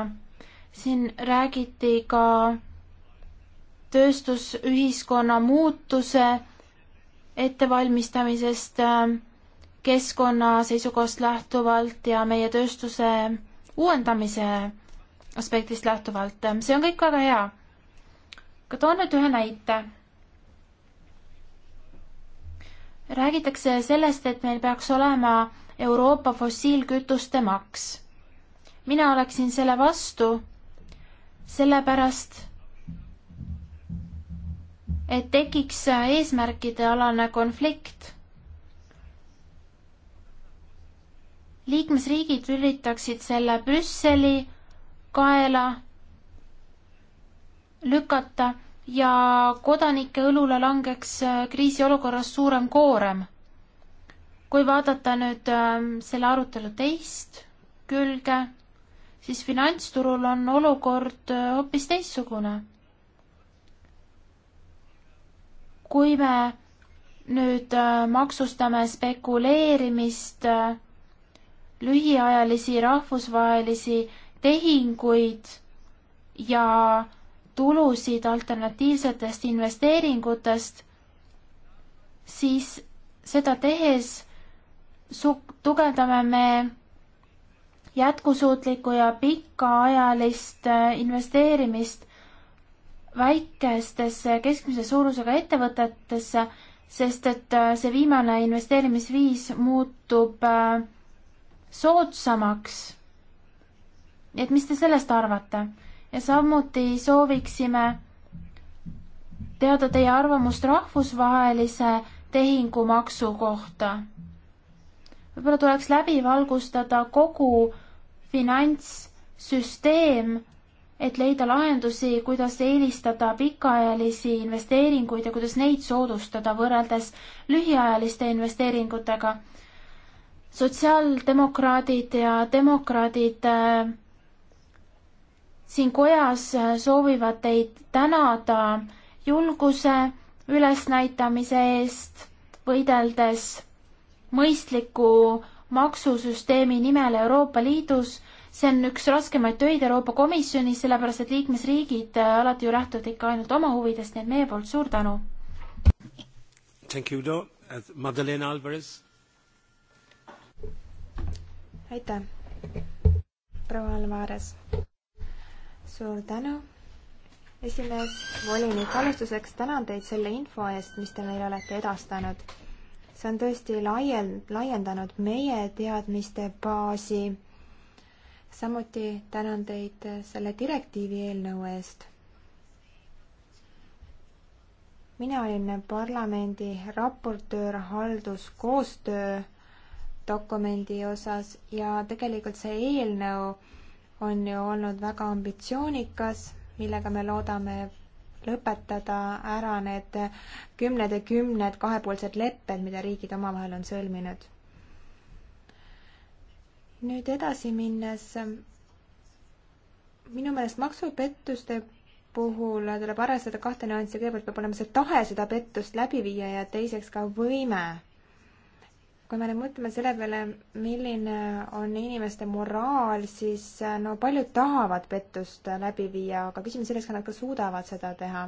siin räägiti ka tööstusühiskonna muutuse ettevalmistamisest äh, keskkonna seisukohast lähtuvalt ja meie tööstuse uuendamise aspektist lähtuvalt, see on kõik väga hea. aga toon nüüd ühe näite. räägitakse sellest, et meil peaks olema Euroopa fossiilkütuste maks. mina oleksin selle vastu, sellepärast et tekiks eesmärkide alane konflikt liikmesriigid üritaksid selle Brüsseli kaela lükata ja kodanike õlule langeks kriisiolukorras suurem koorem. kui vaadata nüüd äh, selle arutelu teist külge, siis finantsturul on olukord äh, hoopis teistsugune. kui me nüüd äh, maksustame spekuleerimist äh, lühiajalisi rahvusvahelisi tehinguid ja tulusid alternatiivsetest investeeringutest, siis seda tehes su-, tugevdame me jätkusuutlikku ja pikaajalist äh, investeerimist väikestesse keskmise suurusega ettevõtetesse, sest et äh, see viimane investeerimisviis muutub äh, soodsamaks. nii et mis te sellest arvate? ja samuti sooviksime teada teie arvamust rahvusvahelise tehingumaksu kohta. võib-olla tuleks läbi valgustada kogu finantssüsteem, et leida lahendusi, kuidas eelistada pikaajalisi investeeringuid ja kuidas neid soodustada võrreldes lühiajaliste investeeringutega sotsiaaldemokraadid ja demokraadid äh, siin kojas äh, soovivad teid tänada julguse ülesnäitamise eest, võideldes mõistliku maksusüsteemi nimel Euroopa Liidus. see on üks raskemaid töid Euroopa Komisjonis, sellepärast et liikmesriigid äh, alati ju lähtuvad ikka ainult oma huvidest, nii et meie poolt suur tänu! Thank you, Madeleine Alvarez aitäh, proua Alvarez. suur tänu, esimees, volinik, alustuseks tänan teid selle info eest, mis te meile olete edastanud. see on tõesti laien-, laiendanud meie teadmiste baasi. samuti tänan teid selle direktiivi eelnõu eest mina olin parlamendi raportöör halduskoostöö dokumendi osas ja tegelikult see eelnõu on ju olnud väga ambitsioonikas, millega me loodame lõpetada ära need kümned ja kümned kahepoolsed lepped, mida riigid omavahel on sõlminud. nüüd edasi minnes, minu meelest maksupettuste puhul tuleb arvestada kahte nüanssi, kõigepealt peab olema see tahe seda pettust läbi viia ja teiseks ka võime kui me nüüd mõtleme selle peale, milline on inimeste moraal, siis äh, no paljud tahavad pettust äh, läbi viia, aga küsimus selles, kas nad ka suudavad seda teha.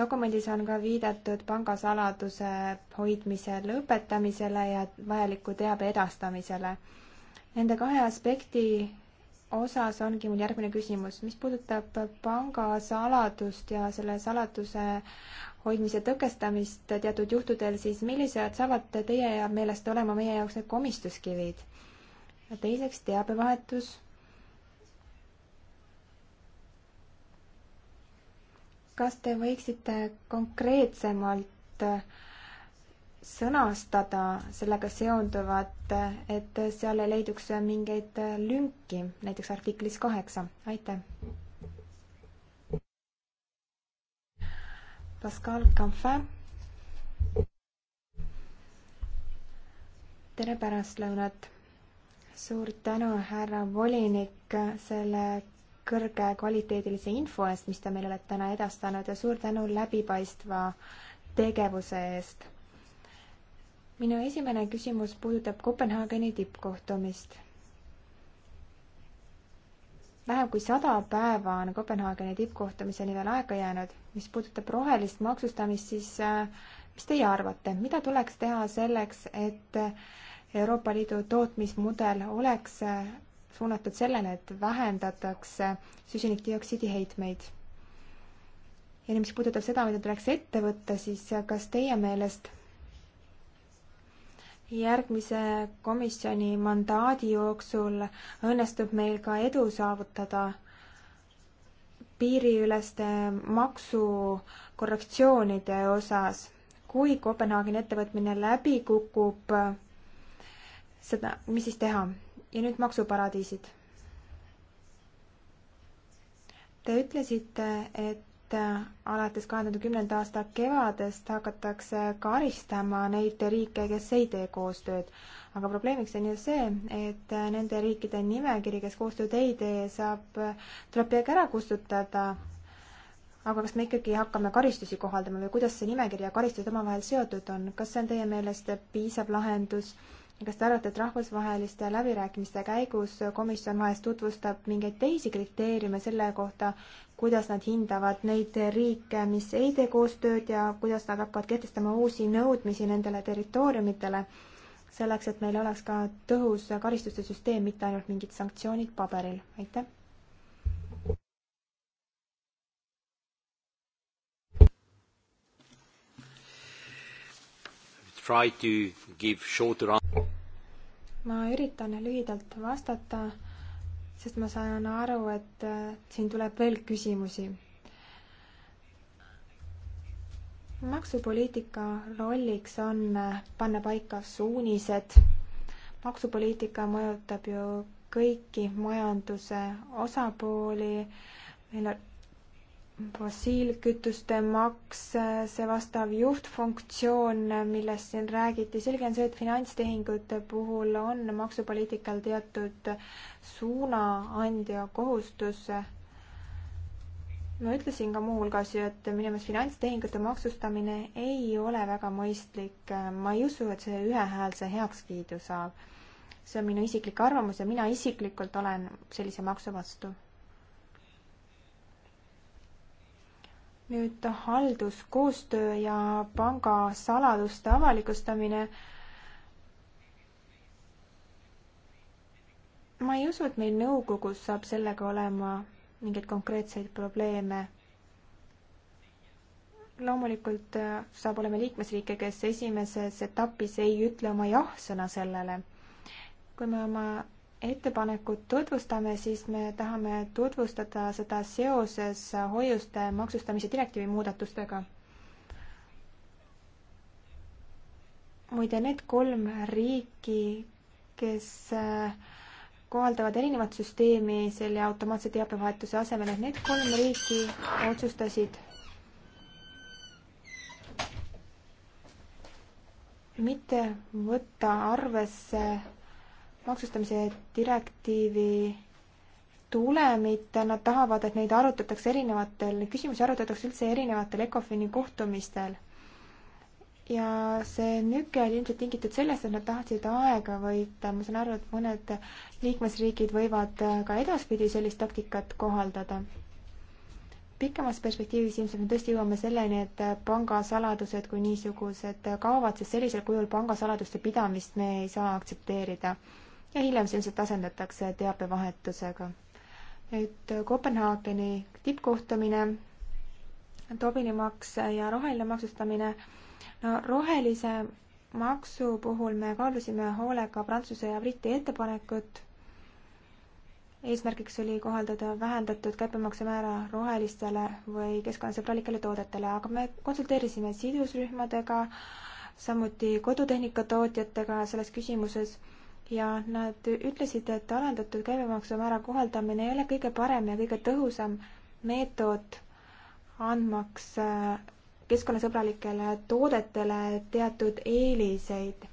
dokumendis on ka viidatud pangasaladuse hoidmise lõpetamisele ja vajaliku teabe edastamisele. Nende kahe aspekti osas ongi mul järgmine küsimus, mis puudutab pangasaladust ja selle saladuse hoidmise tõkestamist teatud juhtudel, siis millised saavad teie meelest olema meie jaoks need komistuskivid? teiseks teabevahetus. kas te võiksite konkreetsemalt äh, sõnastada sellega seonduvat, et seal ei leiduks mingeid lünki, näiteks artiklis kaheksa. aitäh. Pascal Canfin. tere pärastlõunat. suur tänu, härra volinik, selle kõrge kvaliteedilise info eest, mis te meile olete täna edastanud ja suur tänu läbipaistva tegevuse eest minu esimene küsimus puudutab Kopenhaageni tippkohtumist. vähem kui sada päeva on Kopenhaageni tippkohtumiseni veel aega jäänud. mis puudutab rohelist maksustamist, siis äh, mis teie arvate, mida tuleks teha selleks, et äh, Euroopa Liidu tootmismudel oleks äh, suunatud sellele, et vähendatakse süsinikdioksiidi heitmeid? ja mis puudutab seda, mida tuleks ette võtta, siis kas teie meelest järgmise komisjoni mandaadi jooksul õnnestub meil ka edu saavutada piiriüleste maksukorrektsioonide osas. kui Kopenhaageni ettevõtmine läbi kukub, seda, mis siis teha? ja nüüd maksuparadiisid. Te ütlesite, et et äh, alates kahe tuhande kümnenda aasta kevadest hakatakse karistama neid riike, kes ei tee koostööd. aga probleemiks on ju see, et äh, nende riikide nimekiri, kes koostööd ei tee, saab, äh, tuleb peaaegu ära kustutada. aga kas me ikkagi hakkame karistusi kohaldama või kuidas see nimekiri ja karistused omavahel seotud on, kas see on teie meelest piisav lahendus? kas te arvate, et rahvusvaheliste läbirääkimiste käigus komisjon vahest tutvustab mingeid teisi kriteeriume selle kohta, kuidas nad hindavad neid riike, mis ei tee koostööd ja kuidas nad hakkavad kehtestama uusi nõudmisi nendele territooriumitele, selleks et meil oleks ka tõhus karistuste süsteem, mitte ainult mingid sanktsioonid paberil, aitäh! Try to give shorter ma üritan lühidalt vastata, sest ma saan aru, et äh, siin tuleb veel küsimusi. maksupoliitika rolliks on äh, panna paika suunised. maksupoliitika mõjutab ju kõiki majanduse osapooli. meil on fossiilkütuste maks, see vastav juhtfunktsioon, millest siin räägiti, selge on see, et finantstehingute puhul on maksupoliitikal teatud suunaandja kohustus. ma ütlesin ka muuhulgas ju, et minu meelest finantstehingute maksustamine ei ole väga mõistlik. ma ei usu, et see ühehäälse heakskiidu saab. see on minu isiklik arvamus ja mina isiklikult olen sellise maksu vastu nüüd halduskoostöö ja pangasaladuste avalikustamine. ma ei usu, et meil nõukogus saab sellega olema mingeid konkreetseid probleeme. loomulikult saab olema liikmesriike, kes esimeses etapis ei ütle oma jah-sõna sellele. kui me oma ettepanekut tutvustame, siis me tahame tutvustada seda seoses hoiuste maksustamise direktiivi muudatustega. muide, need kolm riiki, kes äh, kohaldavad erinevat süsteemi selle automaatse teabevahetuse asemel, et need kolm riiki otsustasid mitte võtta arvesse maksustamise direktiivi tulemit, nad tahavad, et neid arutatakse erinevatel, neid küsimusi arutatakse üldse erinevatel ECOFIN-i kohtumistel. ja see nüke oli ilmselt tingitud sellest, et nad tahtsid aega võita, ma saan aru, et mõned liikmesriigid võivad ka edaspidi sellist taktikat kohaldada. pikemas perspektiivis ilmselt me tõesti jõuame selleni, et pangasaladused kui niisugused kaovad, sest sellisel kujul pangasaladuste pidamist me ei saa aktsepteerida ja hiljem see ilmselt asendatakse teabevahetusega. nüüd Kopenhaageni tippkohtumine, Tobini maks ja roheline maksustamine. no rohelise maksu puhul me kaalusime hoolega Prantsuse ja Briti ettepanekut. eesmärgiks oli kohaldada vähendatud käibemaksumäära rohelistele või keskkonnasõbralikele toodetele, aga me konsulteerisime sidusrühmadega, samuti kodutehnika tootjatega selles küsimuses ja nad ütlesid, et alandatud käibemaksumäära kohaldamine ei ole kõige parem ja kõige tõhusam meetod andmaks äh, keskkonnasõbralikele toodetele teatud eeliseid.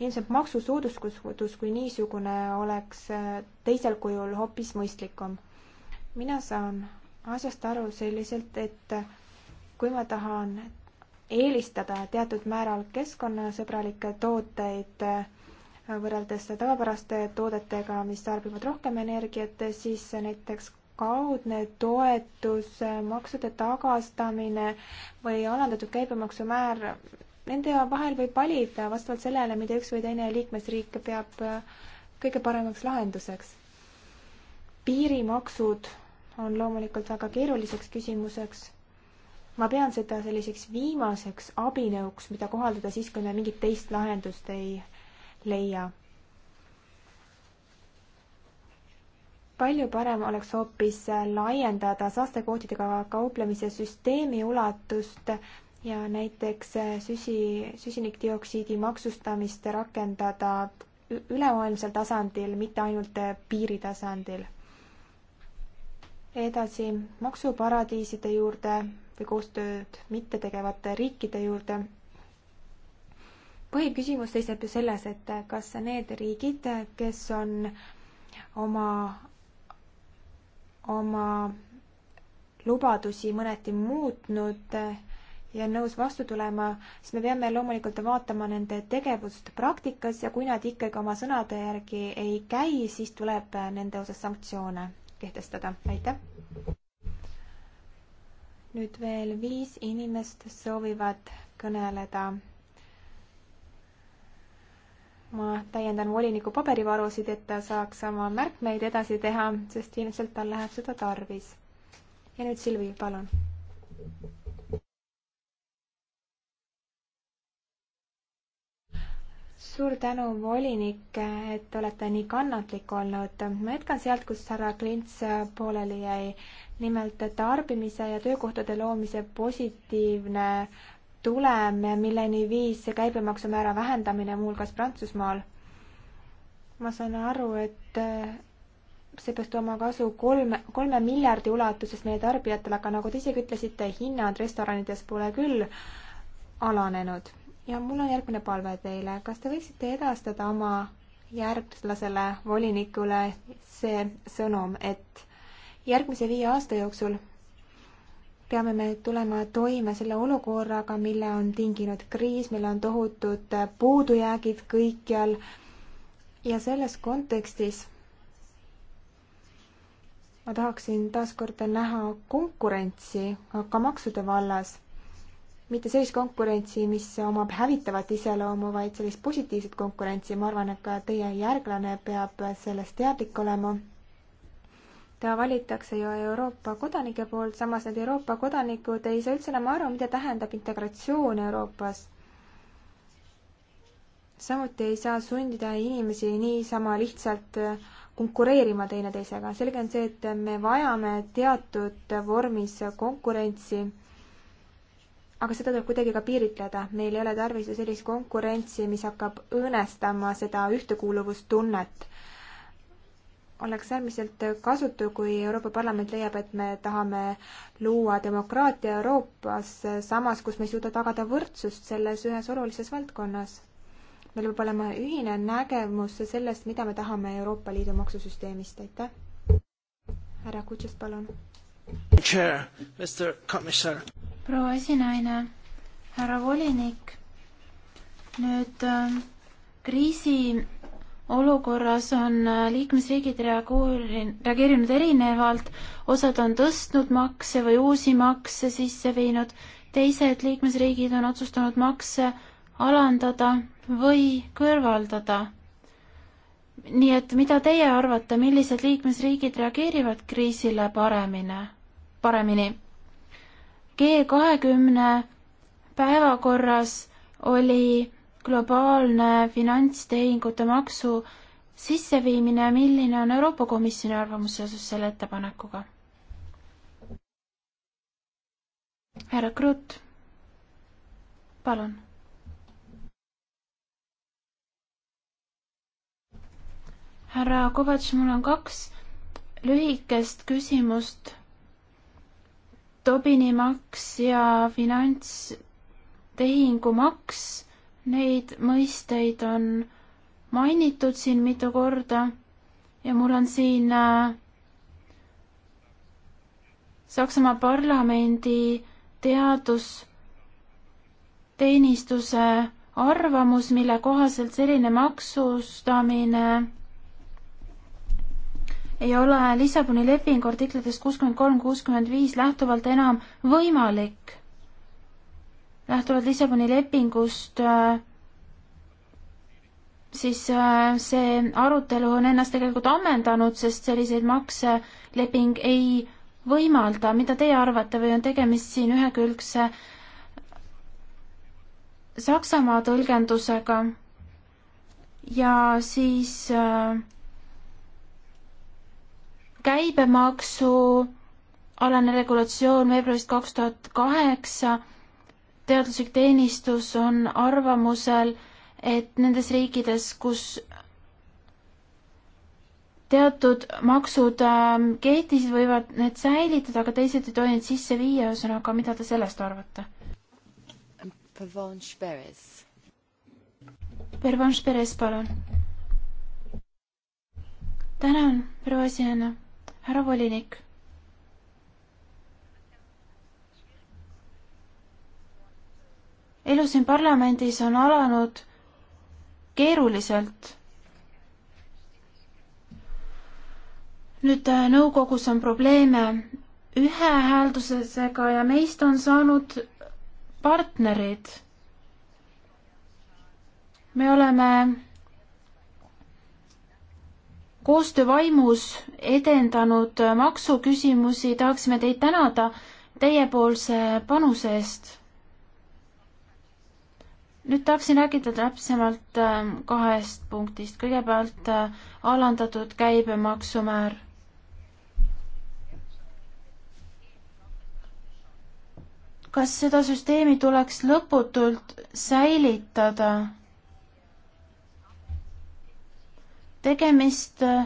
ilmselt maksusoodustus kui niisugune oleks äh, teisel kujul hoopis mõistlikum. mina saan asjast aru selliselt, et kui ma tahan eelistada teatud määral keskkonnasõbralikke tooteid äh, võrreldes tavapäraste toodetega, mis tarbivad rohkem energiat, siis näiteks kaudne toetus, maksude tagastamine või alandatud käibemaksumäär, nende vahel võib valida vastavalt sellele, mida üks või teine liikmesriik peab kõige paremaks lahenduseks. piirimaksud on loomulikult väga keeruliseks küsimuseks. ma pean seda selliseks viimaseks abinõuks, mida kohaldada siis, kui me mingit teist lahendust ei leia. palju parem oleks hoopis laiendada saastekvootidega kauplemise süsteemi ulatust ja näiteks süsi, süsinikdioksiidi maksustamist rakendada ülemaailmsel tasandil, mitte ainult piiri tasandil. edasi maksuparadiiside juurde või koostööd mittetegevate riikide juurde põhiküsimus seisneb ju selles, et kas need riigid, kes on oma, oma lubadusi mõneti muutnud ja nõus vastu tulema, siis me peame loomulikult vaatama nende tegevust praktikas ja kui nad ikkagi oma sõnade järgi ei käi, siis tuleb nende osas sanktsioone kehtestada. aitäh! nüüd veel viis inimest soovivad kõneleda ma täiendan voliniku paberivarusid, et ta saaks oma märkmeid edasi teha, sest ilmselt tal läheb seda tarvis. ja nüüd Silvi, palun. suur tänu, volinik, et olete nii kannatlik olnud. ma jätkan sealt, kus härra Klints pooleli jäi. nimelt tarbimise ja töökohtade loomise positiivne tulem, milleni viis käibemaksumäära vähendamine muuhulgas Prantsusmaal. ma saan aru, et äh, see peaks tooma kasu kolme, kolme miljardi ulatuses meie tarbijatele, aga nagu te isegi ütlesite, hinnad restoranides pole küll alanenud. ja mul on järgmine palve teile, kas te võiksite edastada oma järglasele volinikule see sõnum, et järgmise viie aasta jooksul peame me tulema toime selle olukorraga, mille on tinginud kriis, meil on tohutud puudujäägid kõikjal ja selles kontekstis ma tahaksin taaskord näha konkurentsi ka maksude vallas. mitte sellist konkurentsi, mis omab hävitavat iseloomu, vaid sellist positiivset konkurentsi, ma arvan, et ka teie järglane peab sellest teadlik olema ta valitakse ju Euroopa kodanike poolt, samas need Euroopa kodanikud ei saa üldse enam aru, mida tähendab integratsioon Euroopas. samuti ei saa sundida inimesi niisama lihtsalt konkureerima teineteisega. selge on see, et me vajame teatud vormis konkurentsi, aga seda tuleb kuidagi ka piiritleda. meil ei ole tarvis ju sellist konkurentsi, mis hakkab õõnestama seda ühtekuuluvustunnet oleks äärmiselt kasutu, kui Euroopa Parlament leiab, et me tahame luua demokraatia Euroopas, samas kus me ei suuda tagada võrdsust selles ühes olulises valdkonnas. meil peab olema ühine nägemus sellest, mida me tahame Euroopa Liidu maksusüsteemist, aitäh. härra Kutšest, palun. proua esinaine, härra volinik, nüüd ähm, kriisi olukorras on äh, liikmesriigid reageerinud erinevalt, osad on tõstnud makse või uusi makse sisse viinud, teised liikmesriigid on otsustanud makse alandada või kõrvaldada. nii et mida teie arvate, millised liikmesriigid reageerivad kriisile paremini, paremini? G kahekümne päevakorras oli globaalne finantstehingute maksu sisseviimine, milline on Euroopa Komisjoni arvamus seoses selle ettepanekuga? härra Krutt, palun. härra Kovatš, mul on kaks lühikest küsimust. Tobini maks ja finantstehingumaks Neid mõisteid on mainitud siin mitu korda ja mul on siin äh, Saksamaa parlamendi teadusteenistuse arvamus, mille kohaselt selline maksustamine ei ole Lissaboni lepingu artiklitest kuuskümmend kolm, kuuskümmend viis lähtuvalt enam võimalik lähtuvalt Lissaboni lepingust äh, siis äh, see arutelu on ennast tegelikult ammendanud, sest selliseid makse leping ei võimalda. mida teie arvate või on tegemist siin ühekülgse Saksamaa tõlgendusega? ja siis äh, käibemaksu alane regulatsioon veebruarist kaks tuhat kaheksa teaduslik teenistus on arvamusel, et nendes riikides, kus teatud maksud ähm, kehtisid, võivad need säilitada, aga teised ei tohi neid sisse viia, ühesõnaga, mida te sellest arvate? Pervanche Perez. Pervanche Perez, palun. tänan, proua esinaine, härra volinik elu siin parlamendis on alanud keeruliselt. nüüd äh, nõukogus on probleeme ühehääldusega ja meist on saanud partnerid. me oleme koostöövaimus edendanud maksuküsimusi, tahaksime teid tänada teiepoolse panuse eest nüüd tahaksin rääkida täpsemalt ähm, kahest punktist. kõigepealt äh, alandatud käibemaksumäär. kas seda süsteemi tuleks lõputult säilitada? tegemist äh,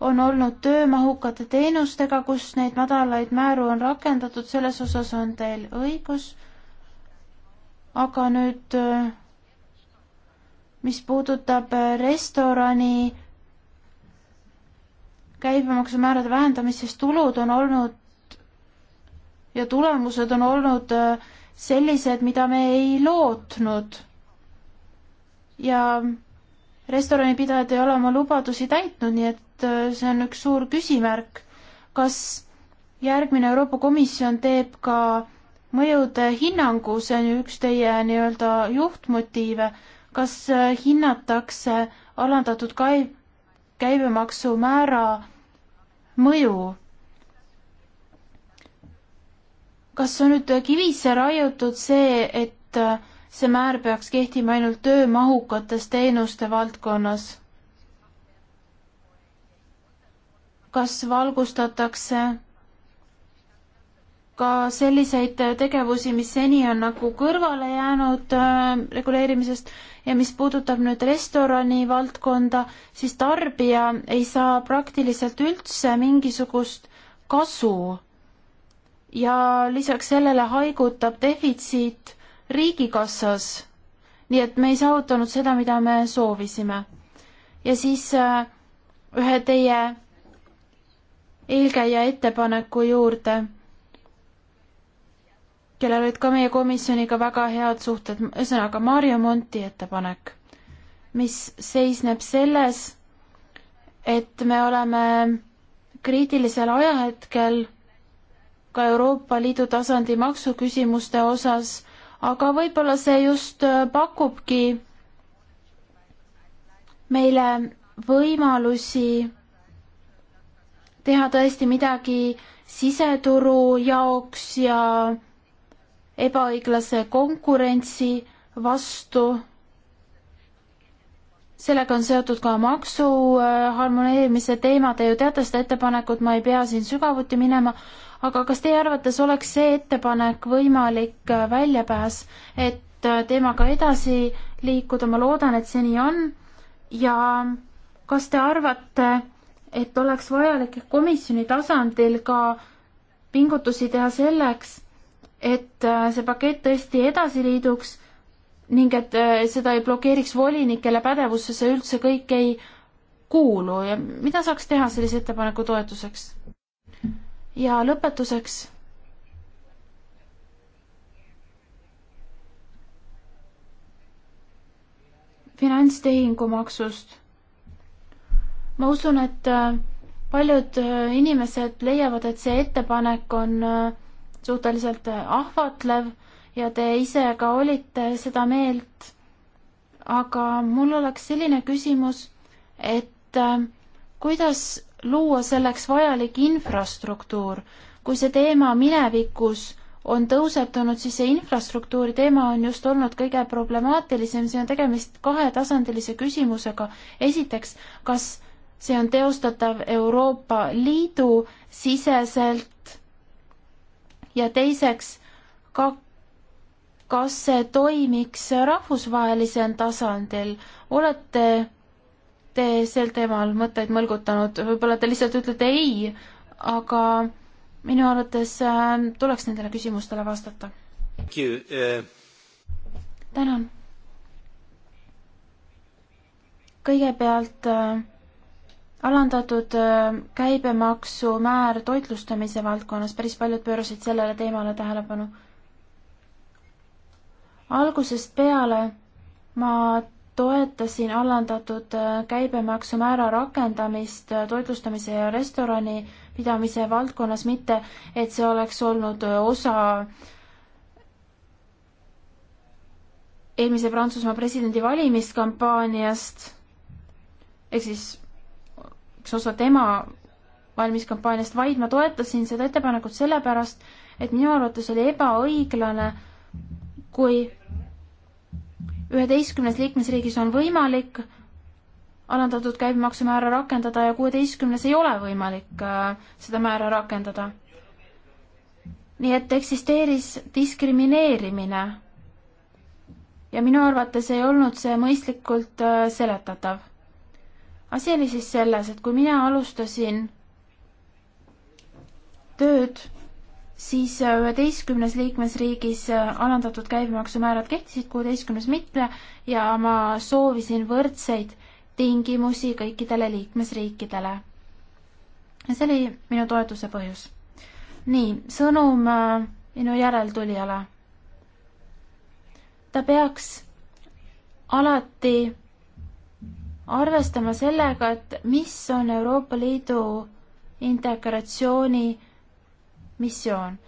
on olnud töömahukate teenustega, kus neid madalaid määru on rakendatud, selles osas on teil õigus aga nüüd, äh, mis puudutab äh, restorani käibemaksumäärade vähendamist, siis tulud on olnud ja tulemused on olnud äh, sellised, mida me ei lootnud. ja restoranipidajad ei ole oma lubadusi täitnud, nii et see on üks suur küsimärk. kas järgmine Euroopa Komisjon teeb ka mõjude hinnangu, see on ju üks teie nii-öelda juhtmotiive, kas äh, hinnatakse alandatud kai-, käibemaksumäära mõju? kas on nüüd kivisse raiutud see, et äh, see määr peaks kehtima ainult töömahukates teenuste valdkonnas? kas valgustatakse ka selliseid tegevusi, mis seni on nagu kõrvale jäänud äh, reguleerimisest ja mis puudutab nüüd restorani valdkonda, siis tarbija ei saa praktiliselt üldse mingisugust kasu. ja lisaks sellele haigutab defitsiit riigikassas. nii et me ei saavutanud seda, mida me soovisime. ja siis äh, ühe teie eelkäija ettepaneku juurde kellel olid ka meie komisjoniga väga head suhted, ühesõnaga Mario Monti ettepanek, mis seisneb selles, et me oleme kriitilisel ajahetkel ka Euroopa Liidu tasandi maksuküsimuste osas, aga võib-olla see just äh, pakubki meile võimalusi teha tõesti midagi siseturu jaoks ja ebaõiglase konkurentsi vastu. sellega on seotud ka maksu äh, harmoneerimise teema, te ju teate seda ettepanekut, ma ei pea siin sügavuti minema, aga kas teie arvates oleks see ettepanek võimalik äh, väljapääs, et äh, teemaga edasi liikuda, ma loodan, et see nii on, ja kas te arvate, et oleks vajalik komisjoni tasandil ka pingutusi teha selleks, et äh, see pakett tõesti edasi liiduks ning et äh, seda ei blokeeriks volinik, kelle pädevusse see üldse kõik ei kuulu ja mida saaks teha sellise ettepaneku toetuseks? ja lõpetuseks finantstehingumaksust. ma usun, et äh, paljud inimesed leiavad, et see ettepanek on äh, suhteliselt äh, ahvatlev ja te ise ka olite seda meelt. aga mul oleks selline küsimus, et äh, kuidas luua selleks vajalik infrastruktuur, kui see teema minevikus on tõusetunud, siis see infrastruktuuri teema on just olnud kõige problemaatilisem, siin on tegemist kahetasandilise küsimusega. esiteks, kas see on teostatav Euroopa Liidu siseselt ja teiseks ka kas see toimiks rahvusvahelisel tasandil, olete te sel teemal mõtteid mõlgutanud, võib-olla te lihtsalt ütlete ei, aga minu arvates ähm, tuleks nendele küsimustele vastata. Äh. tänan. kõigepealt äh, alandatud äh, käibemaksumäär toitlustamise valdkonnas, päris paljud pöörasid sellele teemale tähelepanu. algusest peale ma toetasin alandatud äh, käibemaksumäära rakendamist äh, toitlustamise ja restorani pidamise valdkonnas, mitte et see oleks olnud osa eelmise Prantsusmaa presidendi valimiskampaaniast, ehk siis üks osa tema valimiskampaaniast, vaid ma toetasin seda ettepanekut sellepärast, et minu arvates oli ebaõiglane, kui üheteistkümnes liikmesriigis on võimalik alandatud käibemaksumäära rakendada ja kuueteistkümnes ei ole võimalik äh, seda määra rakendada. nii et eksisteeris diskrimineerimine. ja minu arvates ei olnud see mõistlikult äh, seletatav asi oli siis selles, et kui mina alustasin tööd, siis äh, üheteistkümnes liikmesriigis äh, alandatud käibemaksumäärad kehtisid, kuueteistkümnes mitte ja ma soovisin võrdseid tingimusi kõikidele liikmesriikidele. see oli minu toetuse põhjus. nii, sõnum äh, minu järeltulijale. ta peaks alati arvestama sellega, et mis on Euroopa Liidu integratsiooni missioon.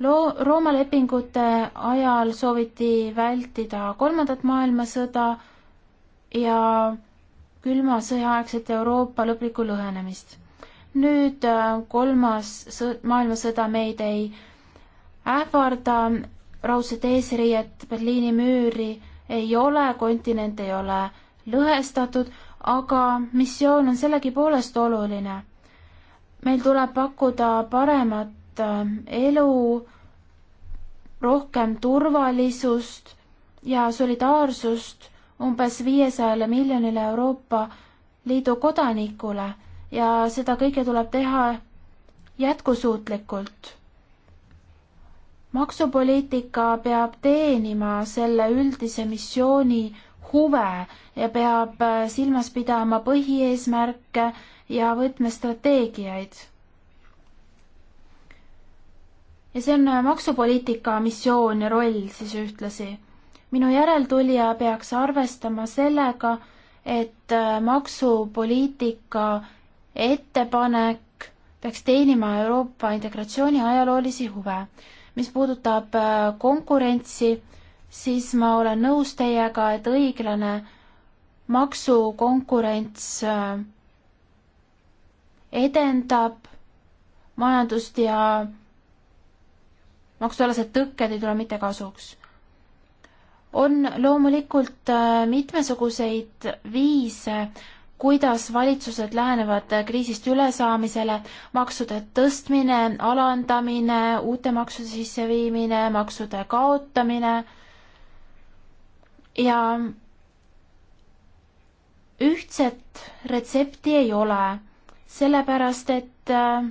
Loo-, Rooma lepingute ajal sooviti vältida kolmandat maailmasõda ja külma sõjaaegset Euroopa lõplikku lõhenemist. nüüd äh, kolmas sõ-, maailmasõda meid ei ähvarda, raudset eesriiet, Berliini müüri ei ole, kontinent ei ole lõhestatud, aga missioon on sellegipoolest oluline. meil tuleb pakkuda paremat äh, elu, rohkem turvalisust ja solidaarsust umbes viiesajale miljonile Euroopa Liidu kodanikule ja seda kõike tuleb teha jätkusuutlikult. maksupoliitika peab teenima selle üldise missiooni huve ja peab äh, silmas pidama põhieesmärke ja võtmestrateegiaid. ja see on äh, maksupoliitika missioon ja roll siis ühtlasi. minu järeltulija peaks arvestama sellega, et äh, maksupoliitika ettepanek peaks teenima Euroopa integratsiooni ajaloolisi huve. mis puudutab konkurentsi, siis ma olen nõus teiega, et õiglane maksukonkurents äh, edendab majandust ja maksualased tõkked ei tule mitte kasuks. on loomulikult äh, mitmesuguseid viise, kuidas valitsused lähenevad kriisist ülesaamisele, maksude tõstmine, alandamine, uute maksude sisseviimine, maksude kaotamine ja ühtset retsepti ei ole, sellepärast et äh,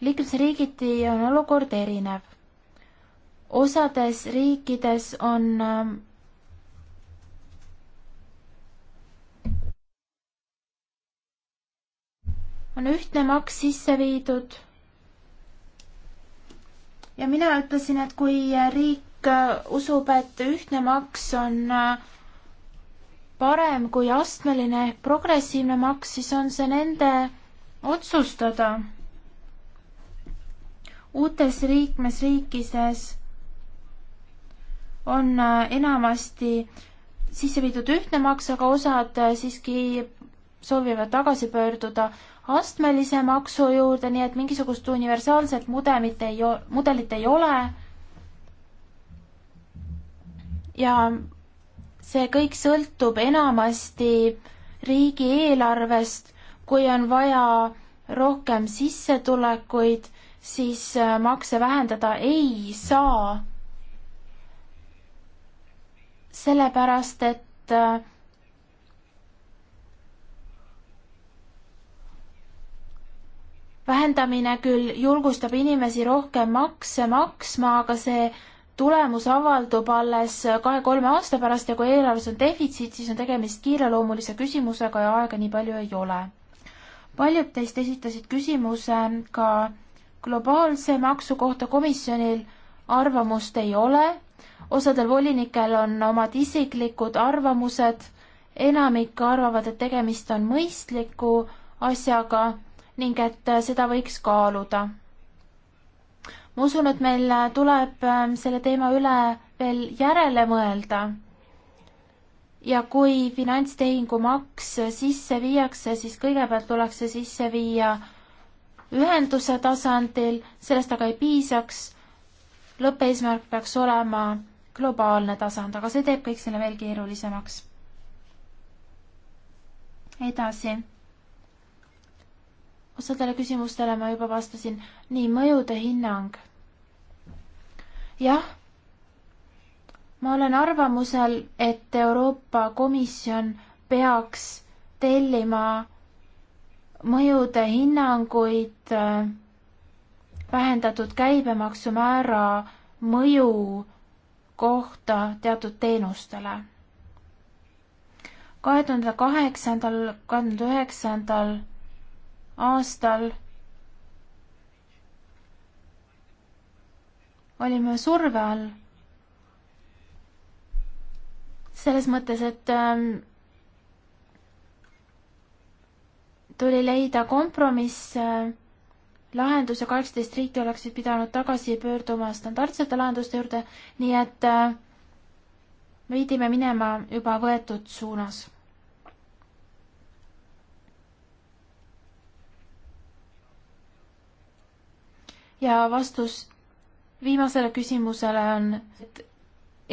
liikmesriigiti on olukord erinev. osades riikides on äh, on ühtne maks sisse viidud. ja mina ütlesin, et kui riik Äh, usub, et ühtne maks on äh, parem kui astmeline ehk progressiivne maks, siis on see nende otsustada. uutes liikmesriikides on äh, enamasti sisse viidud ühtne maks, aga osad siiski soovivad tagasi pöörduda astmelise maksu juurde, nii et mingisugust universaalset mudemit ei, mudelit ei ole ja see kõik sõltub enamasti riigieelarvest, kui on vaja rohkem sissetulekuid, siis äh, makse vähendada ei saa. sellepärast, et äh, vähendamine küll julgustab inimesi rohkem makse maksma, aga see tulemus avaldub alles kahe-kolme aasta pärast ja kui eelarves on defitsiit, siis on tegemist kiireloomulise küsimusega ja aega nii palju ei ole. paljud teist esitasid küsimuse ka globaalse maksu kohta komisjonil arvamust ei ole, osadel volinikel on omad isiklikud arvamused, enamik arvavad, et tegemist on mõistliku asjaga ning et seda võiks kaaluda ma usun, et meil tuleb ähm, selle teema üle veel järele mõelda. ja kui finantstehingumaks sisse viiakse, siis kõigepealt tuleks see sisse viia ühenduse tasandil, sellest aga ei piisaks. lõppeesmärk peaks olema globaalne tasand, aga see teeb kõik selle veel keerulisemaks. edasi osadele küsimustele ma juba vastasin. nii, mõjude hinnang. jah, ma olen arvamusel, et Euroopa Komisjon peaks tellima mõjude hinnanguid äh, vähendatud käibemaksumäära mõju kohta teatud teenustele. kahe tuhande kaheksandal, kahe tuhande üheksandal aastal olime surve all. selles mõttes, et ähm, tuli leida kompromiss äh, lahendus ja kaheksateist riiki oleksid pidanud tagasi pöörduma standardsete lahenduste juurde, nii et äh, me pidime minema juba võetud suunas ja vastus viimasele küsimusele on, et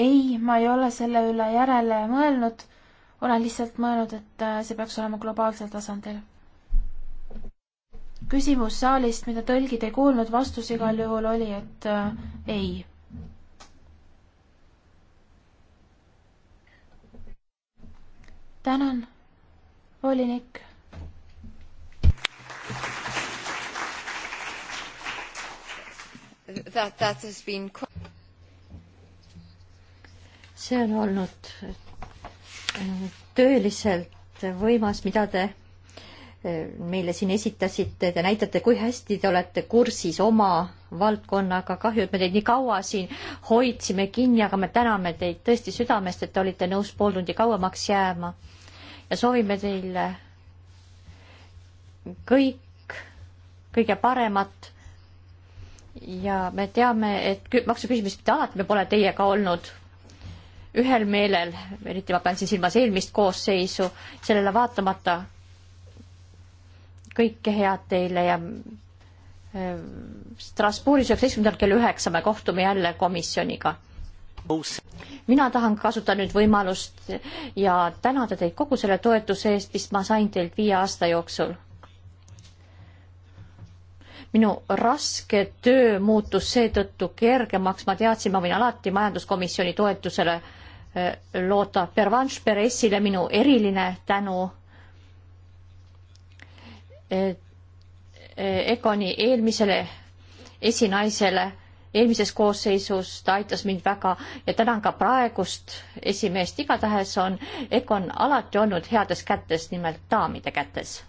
ei, ma ei ole selle üle järele mõelnud, olen lihtsalt mõelnud, et äh, see peaks olema globaalsel tasandil. küsimus saalist, mida tõlgid ei kuulnud, vastus igal juhul oli, et äh, ei. tänan, volinik that that has been see on olnud äh, tõeliselt võimas, mida te äh, meile siin esitasite, te näitate, kui hästi te olete kursis oma valdkonnaga, kahju, et me teid nii kaua siin hoidsime kinni, aga me täname teid tõesti südamest, et te olite nõus pool tundi kauemaks jääma. ja soovime teile kõik kõige paremat ja me teame, et maksuküsimus mitte alati me pole teiega olnud ühel meelel, eriti ma pean siin silmas eelmist koosseisu, sellele vaatamata kõike head teile ja äh, Strasbourgis üheksateistkümnendal kell üheksa me kohtume jälle komisjoniga. mina tahan kasutada nüüd võimalust ja tänada teid kogu selle toetuse eest, mis ma sain teilt viie aasta jooksul minu raske töö muutus seetõttu kergemaks, ma teadsin, ma võin alati majanduskomisjoni toetusele eh, loota. Pervanš Peresile minu eriline tänu. Egoni eh, eh, eelmisele esinaisele eelmises koosseisus ta aitas mind väga ja tänan ka praegust esimeest, igatahes on Egon alati olnud heades kätes, nimelt daamide kätes.